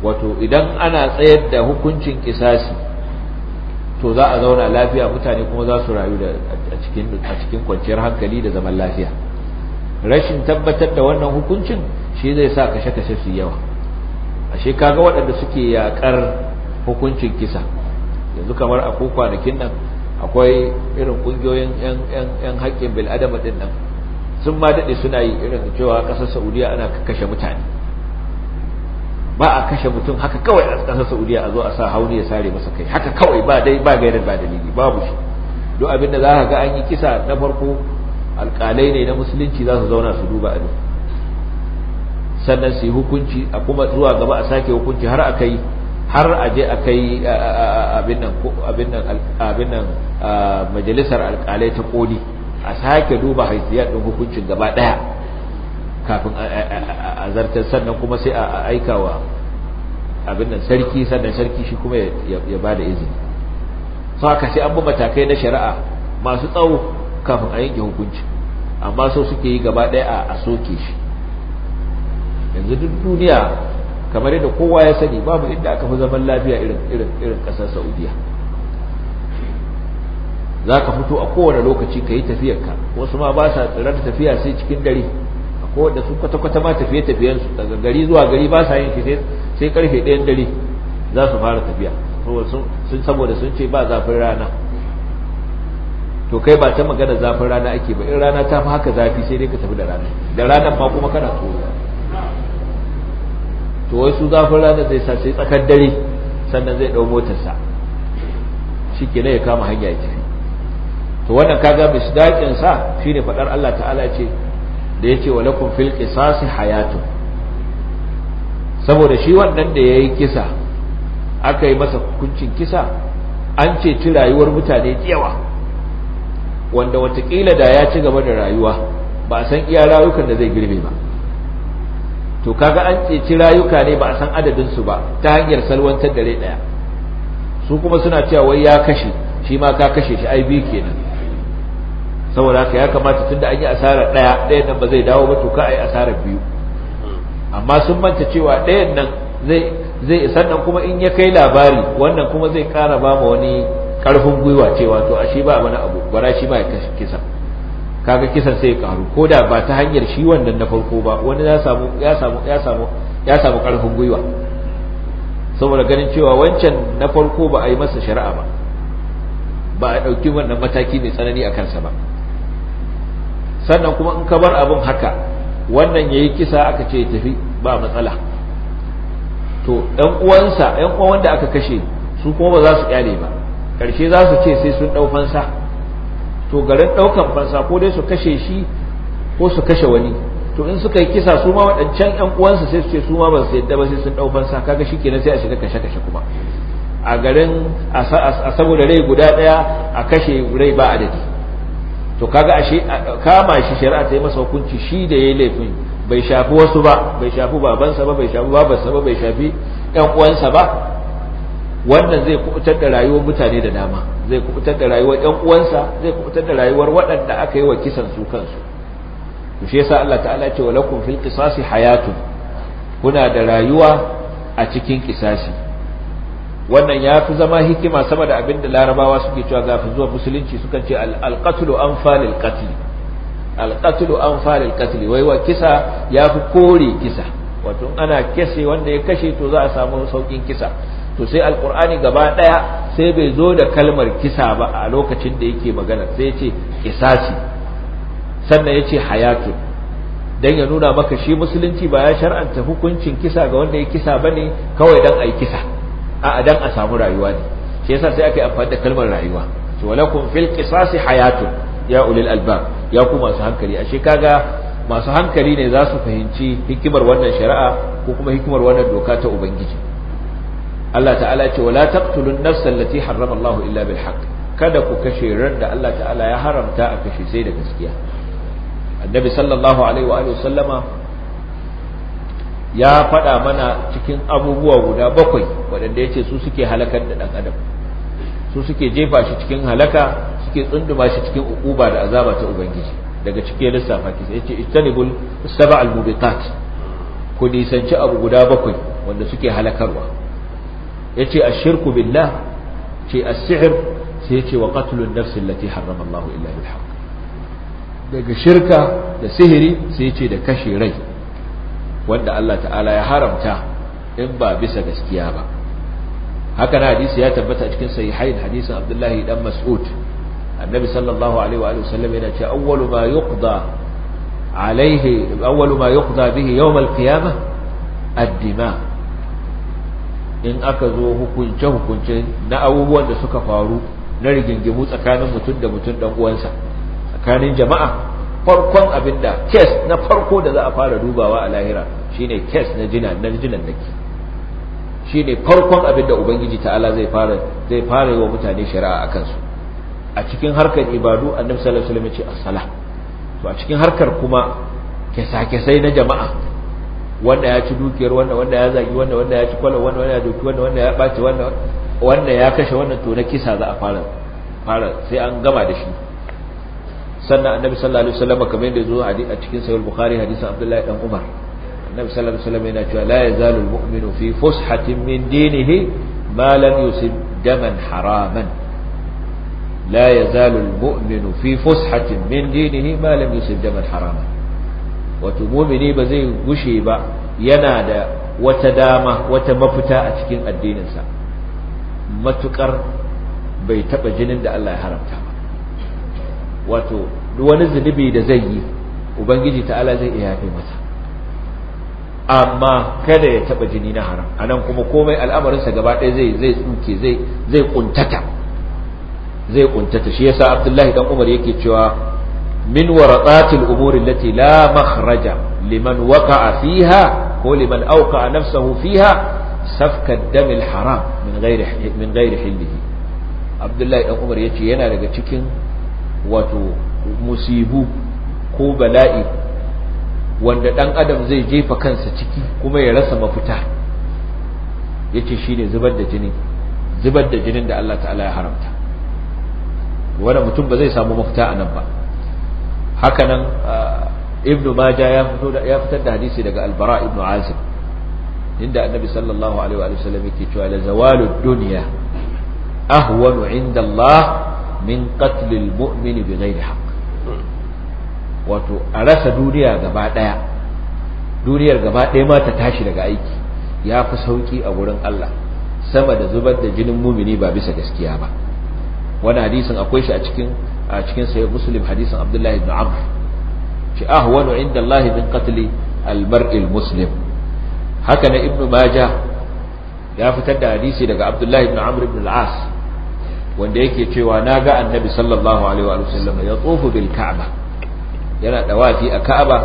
wato idan ana tsayar da hukuncin kisasi to za a zauna lafiya mutane kuma za su rayu da a cikin a cikin kwanciyar hankali da zaman lafiya rashin tabbatar da wannan hukuncin shi zai sa kashe-kashe su yawa ashe kaga waɗanda suke yakar hukuncin kisa yanzu kamar a kwanakin nan akwai irin kungiyoyin yan haƙƙin bil'adama ɗin nan sun ma daɗe suna yi irin cewa ƙasar saudiya ana kashe mutane ba a kashe mutum haka kawai a ƙasar saudiya a zo a sa hauni ya sare masa kai haka kawai ba dai ba gairar ba dalili babu shi duk abin da za ka ga an yi kisa na farko alƙalai ne na musulunci za su zauna su duba abin sannan su yi hukunci a kuma zuwa gaba a sake hukunci har a kai har a je a kai abin nan majalisar alkalai ta koli a sake duba haifiyar ɗin hukuncin gaba ɗaya kafin a zartar sannan kuma sai a aika wa abin nan sarki sannan sarki shi kuma ya ba da izini sau aka sai an bi matakai na shari'a masu tsawo kafin a yanke hukunci amma so suke yi gaba ɗaya a soke shi yanzu duk duniya kamar yadda kowa ya sani babu inda aka fi zaman lafiya irin irin irin kasar saudiya za ka fito a kowane lokaci ka yi tafiyarka wasu ma ba sa tsirar tafiya sai cikin dare a kowane su kwata-kwata ma tafiye-tafiyensu daga gari zuwa gari ba sa yin shi sai karfe ɗayan dare za su fara tafiya sun saboda sun ce ba zafin rana to kai ba ta magana zafin rana ake ba in rana ta fi haka zafi sai dai ka tafi da rana da rana ma kuma kana tsoro to wai su zafin rana zai sa sai tsakar dare sannan zai ɗau motarsa shi ke ya kama hanya ya tafi to wannan kaga misdaƙin sa ne faɗar Allah ta'ala ce da ya ce wa lakum fil qisasi hayatun saboda shi wannan da ya yi kisa aka yi masa hukuncin kisa an ce ci rayuwar mutane yawa wanda watakila da ya ci gaba da rayuwa ba a san iya rayukan da zai girbe ba to kaga an ceci rayuka ne ba a san adadin su ba ta hanyar salwantar da rai daya su kuma suna cewa wai ya kashe shi ma ka kashe shi ai bi kenan saboda haka ya kamata tunda an yi asara ɗaya, ɗaya nan ba zai dawo ba to ka ai asara biyu amma sun manta cewa ɗayan nan zai zai sannan kuma in ya kai labari wannan kuma zai kara ba ma wani ƙarfin gwiwa cewa to a shi ba wani abu bara shi ba ya kisa kaga kisan sai ya karu ko da ba ta hanyar shi wannan na farko ba wani ya samu ya samu ya samu ya samu karfin gwiwa saboda ganin cewa wancan na farko ba a yi masa shari'a ba ba a ɗauki wannan mataki mai tsanani a kansa ba sannan kuma in ka bar abin haka wannan yayi kisa aka ce ya tafi ba matsala to ɗan uwansa ɗan uwan wanda aka kashe su kuma ba za su kyale ba ƙarshe za su ce sai sun ɗau fansa to garin ɗaukan fansa ko dai su kashe shi ko su kashe wani to in suka yi kisa su ma waɗancan ƴan uwansa sai su ce su ma ba su yadda ba sai sun ɗau fansa kaga shikenan sai a shiga kashe kashe kuma a garin a saboda rai guda ɗaya a kashe rai ba adadi to kaga ashe kama shi shari'a ta yi masa hukunci shi da ya yi laifin bai shafi wasu ba bai shafi babansa ba bai shafi babansa ba bai shafi ƴan uwansa ba wannan zai kubutar da rayuwar mutane da dama zai kubutar da rayuwar ɗan uwansa zai kubutar da rayuwar waɗanda aka yi wa kisan su kansu to shi yasa Allah ta'ala ce walakum fil qisasi hayatun kuna da rayuwa a cikin kisasi wannan ya fi zama hikima sama da abin da larabawa suke cewa gafin zuwa musulunci suka ce alqatlu anfalil qatl alqatlu anfalil qatl wai wa kisa ya fi kore kisa wato ana kese wanda ya kashe to za a samu saukin kisa to sai alkur'ani gaba daya sai bai zo da kalmar kisa ba a lokacin da yake magana sai ce isasi sannan ya ce hayatu dan ya nuna maka shi musulunci ba ya shar'anta hukuncin kisa ga wanda ya kisa bane kawai dan ai kisa a dan a samu rayuwa ne shi yasa sai aka yi amfani da kalmar rayuwa to walakum fil qisasi hayatun ya ulil albab ya ku masu hankali ashe kaga masu hankali ne za su fahimci hikimar wannan shari'a ko kuma hikimar wannan doka ta ubangiji Allah ta'ala ce wala taqtulun nafsa allati harrama illa bil haqq kada ku kashe ran da Allah ta'ala ya haramta a kashe sai da gaskiya annabi sallallahu alaihi wa alihi sallama ya faɗa mana cikin abubuwa guda bakwai waɗanda ya ce su suke halakar da ɗan adam su suke jefa shi cikin halaka suke tsunduma shi cikin ukuba da azaba ta ubangiji daga cikin lissafa kisa sai ce ijtanibul sab'al mubiqat ku nisanci abu guda bakwai wanda suke halakarwa yace ashirku billah ce as-sihr sai yace wa daga shirka da sihiri sai yace da kashe rai wanda Allah ta'ala ya haramta in ba bisa gaskiya ba haka na hadisi ya tabbata cikin sahihain hadisin Abdullahi dan Mas'ud annabi sallallahu alaihi wa sallam yana cewa awwalu ma yuqda bihi yawm al dima in aka zo hukunce hukunce na abubuwan da suka faru na rigingimu tsakanin mutum da mutum dan uwansa tsakanin jama'a farkon abin da kes na farko da za a fara dubawa a lahira shine kes na jina na jinan nake shine farkon abin da ubangiji ta'ala zai fara zai fara yi wa mutane shari'a a kansu a cikin harkar ibadu annabi sallallahu alaihi wasallam ya ce as-salah to a cikin harkar kuma kesa-kesai na jama'a wanda ya ci dukiyar wanda wanda ya zagi wanda wanda ya ci kwallon wanda wanda ya doki wanda wanda ya ɓaci wanda wanda ya kashe wannan to na kisa za a fara fara sai an gama da shi sannan annabi sallallahu alaihi wasallam kamar yadda zo a cikin sahih bukhari hadisin abdullahi dan umar annabi sallallahu alaihi wasallam yana cewa la yazalu almu'minu fi fushatin min dinihi ma lam yusib daman haraman la yazalu almu'minu fi fushatin min dinihi ma lam yusib daman haraman wato mumini ba zai gushe ba yana da wata dama wata mafita a cikin addininsa matukar bai taba jinin da Allah ya haramta ba wato wani zunubi da zai yi ubangiji ta'ala zai iya yafe masa amma kada ya taba jini na haram anan kuma komai al'amarinsa gaba ɗaya zai zai tsuke zai zai kuntata zai kuntata shi yasa Abdullahi dan Umar yake cewa min waratsatil umuri lati la makhraja liman waqa'a fiha ko liman awqa'a nafsahu fiha safka damil haram min ghairi min Abdullahi dan Umar yace yana daga cikin wato musibu ko bala'i wanda ɗan adam zai jefa kansa ciki kuma ya rasa mafita yace shine zubar da zubar da jinin da Allah ta'ala ya haramta wanda mutum ba zai samu mafita a nan ba hakanan uh, ibnu Maja ya fito da ya fitar da hadisi daga albara ibnu azib inda annabi sallallahu alaihi wa sallam yake cewa la zawalu dunya ahwanu inda Allah min qatl al mu'min da haqq wato a rasa duniya gaba daya duniyar gaba daya ma ta tashi daga aiki ya fi sauki a wurin Allah sama da zubar da jinin mumini ba bisa gaskiya ba wani hadisin akwai shi a cikin a cikin sahih muslim hadisin abdullahi ibn amr shi ahwanu inda allah min qatl al-mar'i muslim haka na ibn majah ya fitar da hadisi daga abdullahi ibn amr ibn al-as wanda yake cewa na ga annabi sallallahu alaihi wa sallam ya tufu bil ka'aba yana dawafi a ka'aba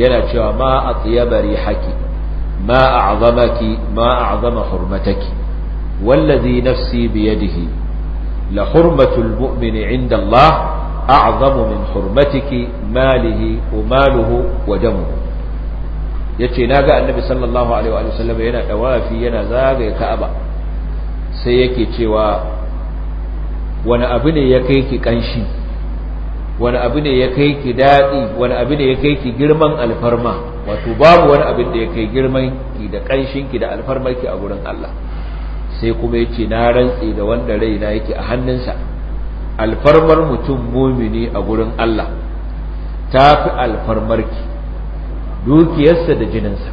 yana cewa ma atyaba rihaki ma a'zamaki ma a'zama hurmataki wallazi nafsi biyadihi la hurmatul mu'mini inda Allah a'zamu min hurmatiki malihi wa maluhu wa damuhu yace naga annabi sallallahu alaihi wa sallam yana dawafi yana zagaya Ka'aba sai yake cewa wani abu ne ya kai ki kanshi wani abu ne ya kai ki daɗi wani abu ne ya kai ki girman alfarma wato babu wani abin ya kai girman ki da ƙanshin ki da alfarmar ki a gurin Allah sai kuma yake na rantsi da wanda raina yake a hannunsa alfarmar mutum mumini a gurin Allah ta fi alfarmarki dukiyarsa da jininsa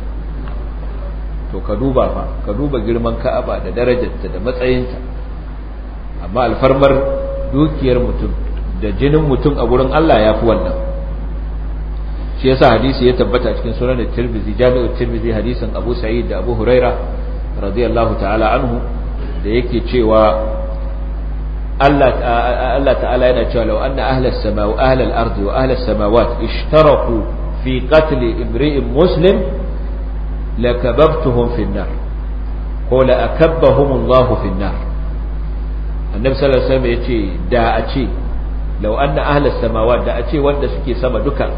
to ka duba fa ka duba girman ka'aba da darajarta da matsayinta amma alfarmar dukiyar mutum da jinin mutum a gurin Allah ya fi wannan shi yasa hadisi ya tabbata cikin sunan da tirbizi jami'ar tirbizi hadisin abu sa'id da abu huraira radiyallahu ta'ala anhu da yake cewa Allah ta'ala yana cewa law anna ahlas samaw ahlal ardi wa ahlas samawat ishtaraku fi qatl imri'in muslim lakababtuhum fi an-nar ko la akabbahum Allah fi an-nar annabi sallallahu alaihi wasallam yace da a ce law anna ahlas samawat da a ce wanda suke sama duka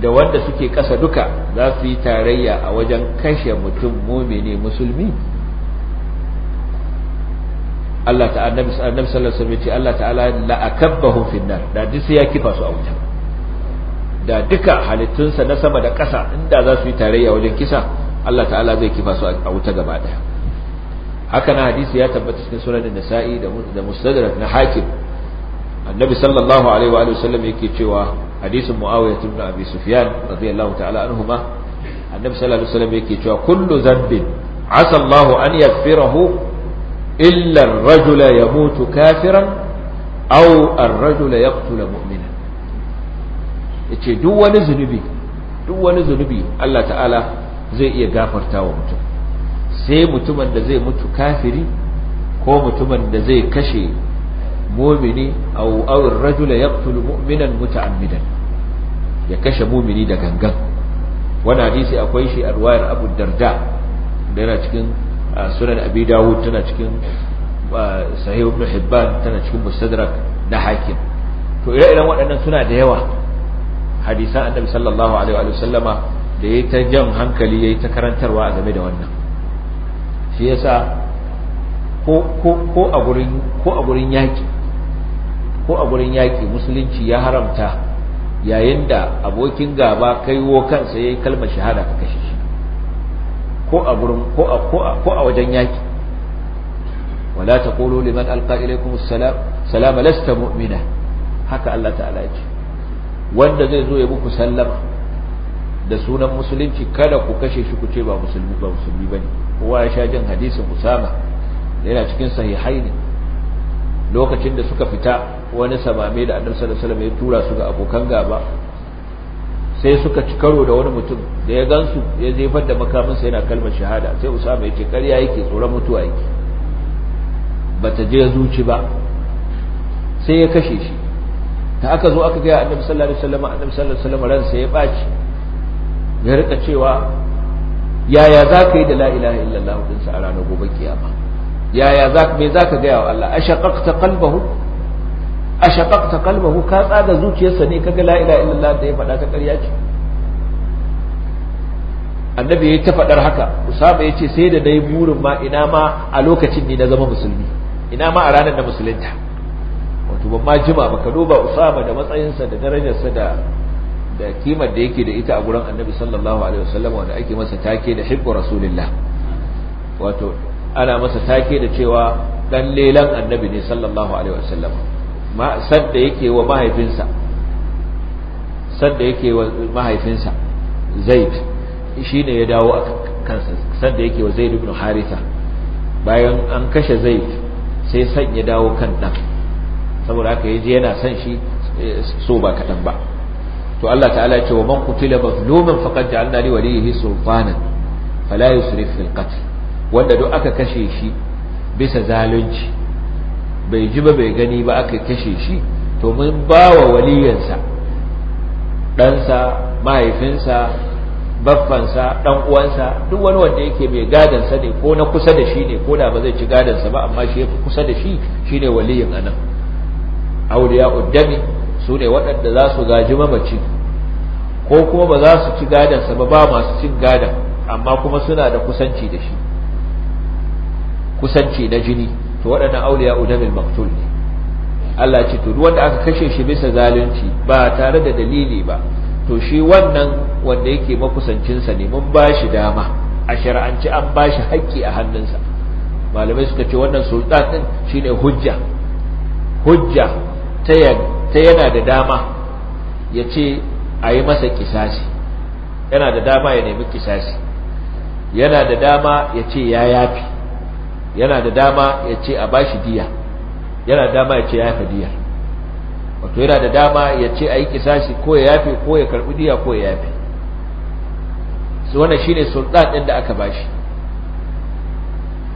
da wanda suke ƙasa duka za su yi tarayya a wajen kashe mutum mumini musulmi Allah ta annabi sallallahu alaihi wasallam ce Allah ta'ala la akabbahu finnar da duk sai ya kifa su a wuta da duka halittunsa na sama da ƙasa inda za su yi tarayya wajen kisa Allah ta'ala zai kifa su a wuta gaba daya haka na hadisi ya tabbata cikin sunan nasa'i da mustadrak na hakim annabi sallallahu alaihi wa sallam yake cewa hadisin muawiya ibn abi sufyan radiyallahu ta'ala anhuma annabi sallallahu alaihi wasallam yake cewa kullu dhanbin asa Allahu an yaghfirahu illa ar-rajula yamutu kafiran aw ar-rajula yaqtulu mu'mina yace duk wani zunubi duk wani zunubi Allah ta'ala zai iya gafarta wa mutum sai mutumin da zai mutu kafiri ko mutumin da zai kashe mumini aw aw ar-rajul yaqtulu mu'minan muta'ammidan ya kashe mumini da gangan wani hadisi akwai shi a ruwayar Abu Darda da yana cikin sunan Abi Dawud tana cikin sahih Ibn Hibban tana cikin Mustadrak na Hakim to ire-iren waɗannan suna da yawa hadisan Annabi sallallahu alaihi wa sallama da yayi ta jan hankali yayi ta karantarwa a game da wannan shi yasa ko a gurin yaki ko a gurin yaƙi musulunci ya haramta yayin da abokin gaba kaiwo kansa yayi kalmar shahada ka kashe shi ko a gurin ko a ko a ko a wajen yaƙi wala taqulu liman alqa ilaykum assalam salama lasta mu'mina haka Allah ta'ala ya ce wanda zai zo ya muku sallama da sunan musulunci kada ku kashe shi ku ce ba musulmi ba musulmi bane kowa ya sha jin hadisin Usama yana cikin sahihaini lokacin da suka fita wani samame da annabi sallallahu alaihi ya tura su ga abokan gaba sai suka ci karo da wani mutum da ya gansu ya jefar da makaminsa yana kalmar shahada sai usama ya ce karya yake tsoron mutuwa yake bata je zuci ba sai ya kashe shi ta aka zo aka ga annabi sallallahu alaihi wasallam annabi sallallahu alaihi wasallam ransa ya baci ya rika cewa yaya za ka yi da la ilaha illallah din sa a ranar gobe kiyama yaya me za ka gaya wa Allah a shaƙaƙta ashaqaqta a ka tsaga zuciyarsa ne kaga la ilaha illallah da ya faɗa ta ƙarya ce annabi ya ta faɗar haka usama ya ce sai da dai burin ma ina ma a lokacin ne na zama musulmi ina ma a ranar da musulunta wato ban ma jima ba ka duba usama da matsayinsa da darajarsa da da kimar da yake da ita a gurin annabi sallallahu alaihi wasallam wanda ake masa take da hibbu rasulillah wato ana masa take da cewa dan lelan annabi ne sallallahu alaihi wasallam ma sadda yake wa mahaifinsa sadda yake wa mahaifinsa zaid ne ya dawo a kansa sadda yake wa zaid ibn haritha bayan an kashe zaid sai san ya dawo kan dan saboda haka yaji yana san shi so ba kadan ba to Allah ta'ala ya ce wa man qutila mazluman faqad ja'alna li waliyhi sultana fala yusrif fil qatl wanda duk aka kashe shi bisa zalunci bai ji ba bai gani ba aka kashe shi to mun ba wa waliyansa ɗansa mahaifinsa baffansa ɗan uwansa duk wani wanda yake mai gadansa ne ko na kusa da shi ne ko da ba zai ci gadansa ba amma shi yafi kusa da shi shine waliyin anan auliya uddami su ne waɗanda za su gaji mamaci ko kuma ba za su ci gadansa ba ba masu cin gadan amma kuma suna da kusanci da shi kusanci na jini to waɗannan auliya udamil maktul ne Allah ce to wanda aka kashe shi bisa zalunci ba tare da dalili ba to shi wannan wanda yake makusancinsa ne mun ba shi dama a shar'anci an ba shi haƙƙi a hannunsa malamai suka ce wannan sultan din shine hujja hujja ta yana da dama ya ce a yi masa kisasi yana da dama ya nemi kisasi yana da dama ya ce ya yafi yana da dama ya ce a bashi diya yana da dama ya ce ya yafa wato yana da dama ya ce a yi kisashi ko ya yafe ko ya karɓi diya ko ya yafe su wannan shine sultan ɗin da aka shi.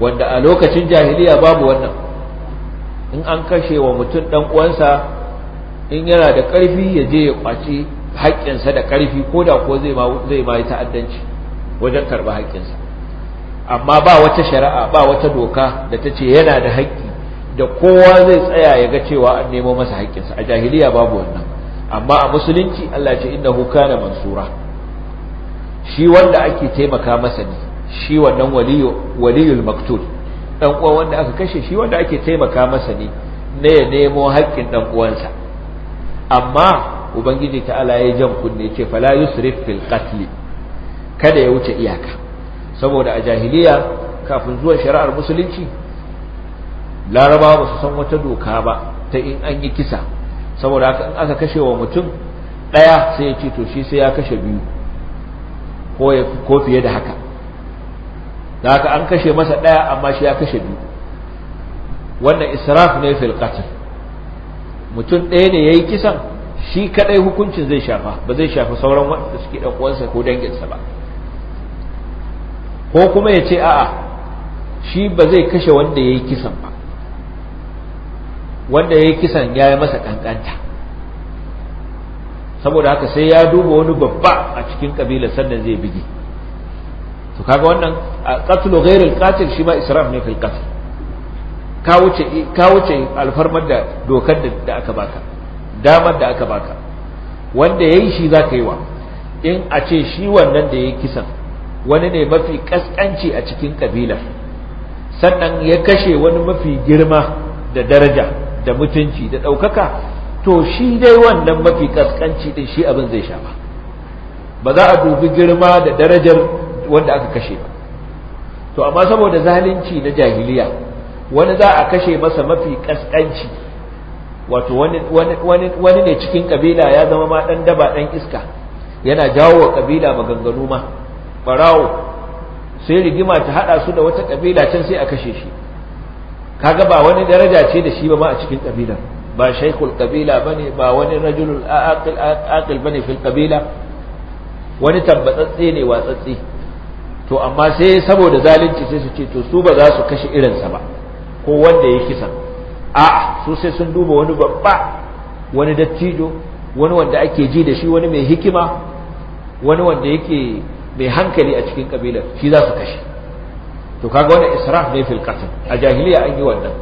wanda a lokacin jahiliya babu wannan in an kashe wa mutum ɗan uwansa in yana da ƙarfi ya je ya kwaci haƙƙinsa da ƙarfi ko da ko zai ma zai ma yi ta'addanci wajen karɓi haƙƙinsa amma ba wata shari'a ba wata doka da ta ce yana da haƙƙi da kowa zai tsaya ya ga cewa an nemo masa haƙƙinsa a jahiliya babu wannan amma a musulunci Allah ce huka kana mansura shi wanda ake taimaka masa ne shi wannan waliyu waliyul maktul dan uwa wanda aka kashe shi wanda ake taimaka masa ne ne ya nemo haƙƙin dan uwansa amma ubangiji ta'ala ya jan kunne ce fala yusrif fil qatl kada ya wuce iyaka saboda a jahiliya kafin zuwan shari'ar musulunci larabawa ba su san wata doka ba ta in an yi kisa saboda aka kashe wa mutum ɗaya sai ya ce to shi sai ya kashe biyu ko fiye da haka da haka an kashe masa ɗaya amma shi ya kashe biyu wannan israf ne fil qatl mutum ɗaya ne yayi kisan shi kaɗai hukuncin zai shafa ba zai shafa sauran wanda suke ɗan uwansa ko danginsa ba ko kuma ya ce a'a shi ba zai kashe wanda ya yi kisan ba wanda ya yi kisan ya yi masa kankanta saboda haka sai ya duba wani babba a cikin kabila sannan zai bige to kaga wannan a ghayr al-qatil shi ma israf ne fil qatl ka wuce ka wuce alfarmar da dokar da aka baka damar da aka baka wanda yayi shi zaka yi wa in a ce shi wannan da yayi kisan wani ne mafi kaskanci a cikin ƙabila sannan ya kashe wani mafi girma da daraja da mutunci da ɗaukaka to shi dai wannan mafi kaskanci din shi abin zai sha ba ba za a dubi girma da darajar wanda aka kashe ba to amma saboda zalunci na jahiliya wani za a kashe masa mafi kaskanci wato wani ne cikin ƙabila ya zama ma dan daba ɗan iska yana jawo wa kabila maganganu ma barawo sai rigima ta hada su da wata kabila can sai a kashe shi kaga ba wani daraja ce da shi ba ma a cikin kabilar ba shaikhul kabila bane ba wani rajulul aqil aqil bane fil kabila wani tabbatsatse ne watsatse to amma sai saboda zalunci sai su ce to su ba za su kashe irinsa ba ko wanda ya kisa a'a su sai sun duba wani babba wani dattijo wani wanda ake ji da shi wani mai hikima wani wanda yake mai hankali a cikin kabilar shi za su kashe to kaga wannan israf ne fil qatl a jahiliya an yi wannan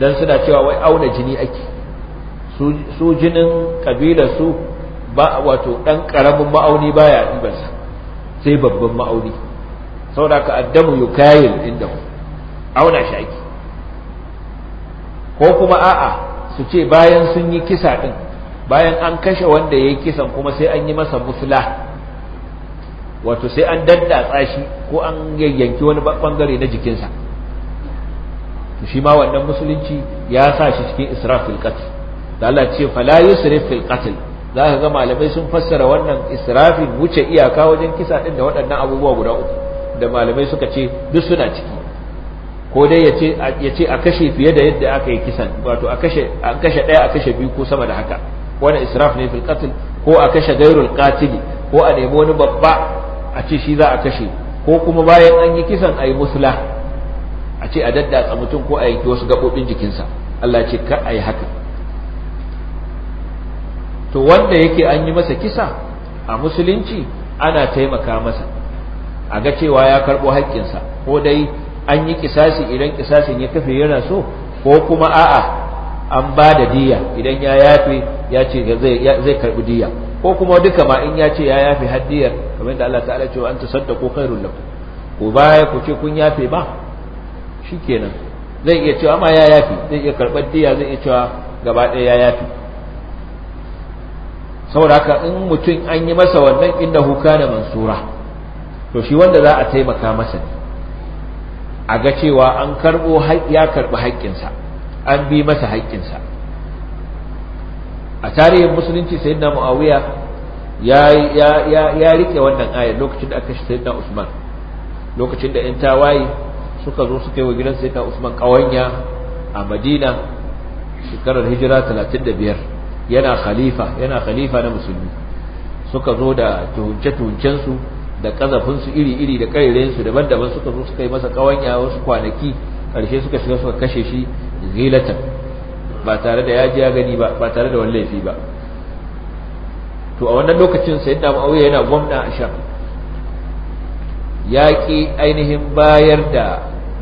dan suna cewa wai auna jini ake su jinin kabilar su ba wato dan karamin ma'auni baya dibarsa sai babban ma'auni saboda ka addamu yukayil ku. auna shi ake ko kuma a'a su ce bayan sun yi kisa din bayan an kashe wanda ya yi kisan kuma sai an yi masa musla wato sai an daddatsa shi ko an yayyanki wani bangare na jikinsa shi ma wannan musulunci ya sa shi cikin israfil qatl da Allah ce fala yusrif fil qatl za ka ga malamai sun fassara wannan israfil wuce iyaka wajen kisa din da waɗannan abubuwa guda uku da malamai suka ce duk suna ciki ko dai yace yace a kashe fiye da yadda aka yi kisan wato a kashe an kashe daya a kashe biyu ko sama da haka wannan israf ne fil qatl ko a kashe gairul qatili ko a nemi wani babba a ce shi za a kashe ko kuma bayan an yi kisan a yi musula a ce a daddatsa mutum ko a yanki wasu gaɓoɓin jikinsa Allah ce kar a yi haka to wanda yake an yi masa kisa a musulunci ana taimaka masa a ga cewa ya karɓo haƙƙinsa ko dai an yi kisasi idan kisasin ya kafe yana so ko kuma a'a an ba da diya idan ya yafe ya ce zai karɓi diya ko kuma duka ma in ya ce ya yafe haddiyar kamar da Allah ta'ala cewa an ko khairul lakum ko baya ku ce kun yafe ba shikenan zai iya cewa ma ya yafe zai iya karɓar diya zai iya cewa gaba ɗaya ya yafe saboda haka in mutum an yi masa wannan inda huka da mansura to shi wanda za a taimaka masa ne a ga cewa an karbo ya karbi haƙƙinsa an bi masa haƙƙinsa a tarihin musulunci sayyidina muawiya ya rike wannan ayar lokacin da aka shi sayyidina usman lokacin da yan tawaye suka zo suka yi wa gidan sayyidina usman kawanya a madina shekarar hijira 35 yana khalifa yana khalifa na musulmi suka zo da tuhunce tuhuncensu da kazafinsu iri-iri da karirin daban-daban suka zo suka yi masa kawanya wasu kwanaki Ƙarshe suka shiga suka kashe shi zilatan ba tare da yaji ya gani ba ba tare da wani laifi ba to a wannan lokacin sayyidina muawiya yana gwamna a sham ya ki ainihin bayar da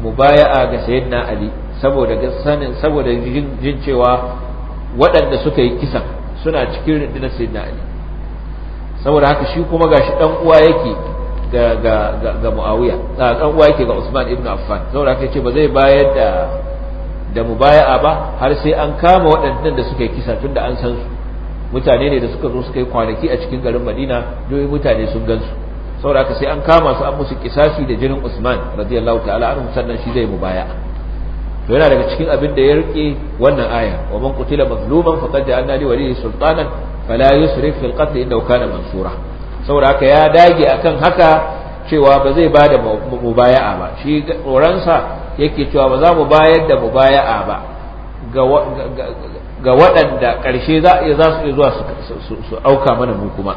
mubaya'a ga sayyidina ali saboda sanin saboda jin cewa waɗanda suka yi kisan suna cikin rundunar sayyidina ali saboda haka shi kuma gashi dan uwa yake ga ga ga, ga Muawiya dan uwa yake ga Usman ibn Affan saboda haka yace ba zai bayar da da mubaya'a ba har sai an kama waɗannan da suka yi kisa tun da an san su mutane ne da suka zo suka yi kwanaki a cikin garin Madina doyi mutane sun gan su saboda sai an kama su an musu kisasi da jinin Usman radiyallahu ta'ala anhu sannan shi zai mubaya'a to yana daga cikin abin da ya rike wannan aya wa man qutila mazluman faqad ja'alna li waliyyi sultanan fala yusrif fil qatl innahu kana mansura saboda haka ya dage akan haka cewa ba zai ba da mubaya'a ba shi tsoronsa yake cewa ba za mu bayar da mubaya'a ba ga waɗanda ƙarshe za su iya zuwa su auka mana mu kuma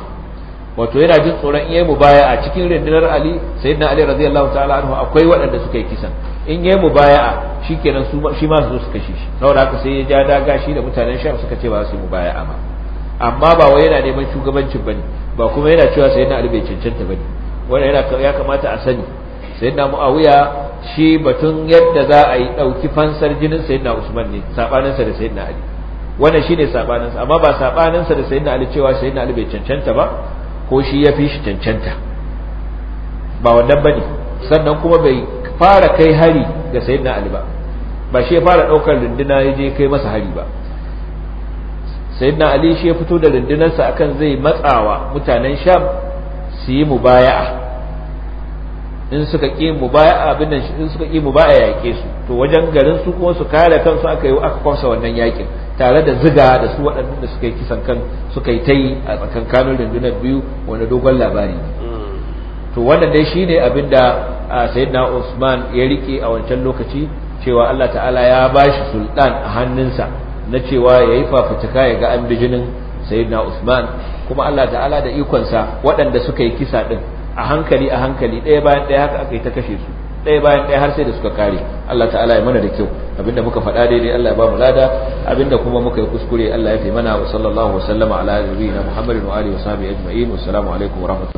wato yana jin tsoron iya mubaya'a cikin rindunar ali na ali radiyallahu ta'ala anhu akwai waɗanda suka yi kisan in yi mubaya'a shi kenan shi ma su zo su kashe shi saboda haka sai ya ja daga shi da mutanen sham suka ce ba su yi mubaya'a ba amma ba wai yana neman shugabancin bane ba kuma yana cewa na ali bai cancanta bane wannan ya kamata a sani na muawiya shi batun yadda za a yi dauki fansar jinin na usman ne sabanin sa da na ali wannan shine sabanin sa amma ba sabanin sa da na ali cewa na ali bai cancanta ba ko shi ya fi shi cancanta ba wannan bane sannan kuma bai fara kai hari ga na ali ba ba shi ya fara daukar runduna ya je kai masa hari ba sayyidina ali shi ya fito da rundunarsa akan zai matsawa mutanen sham su yi mubaya'a in suka ƙi mubaya'a abin nan in suka ƙi mubaya'a yaƙe su to wajen garin su kuma su kare kansu aka yi aka kwamsa wannan yaƙin tare da ziga da su waɗannan da suka yi kisan kan suka yi ta yi a tsakankanin rundunar biyu wani dogon labari to wannan dai shine abin da sayyidina Usman ya rike a wancan lokaci cewa Allah ta'ala ya bashi sultan a hannunsa na cewa yayi fafutuka ya ga an bijinin sayyidina Usman kuma Allah ta'ala da ikonsa waɗanda suka yi kisa ɗin a hankali a hankali ɗaya bayan ɗaya haka aka yi ta kashe su ɗaya bayan ɗaya har sai da suka kare Allah ta'ala ya mana da kyau abinda muka faɗa daidai Allah ya ba mu lada abinda kuma muka yi kuskure Allah ya fi mana wa sallallahu wa sallama ala nabiyina Muhammadin wa alihi wa sahbihi ajma'in wa assalamu alaikum wa rahmatullahi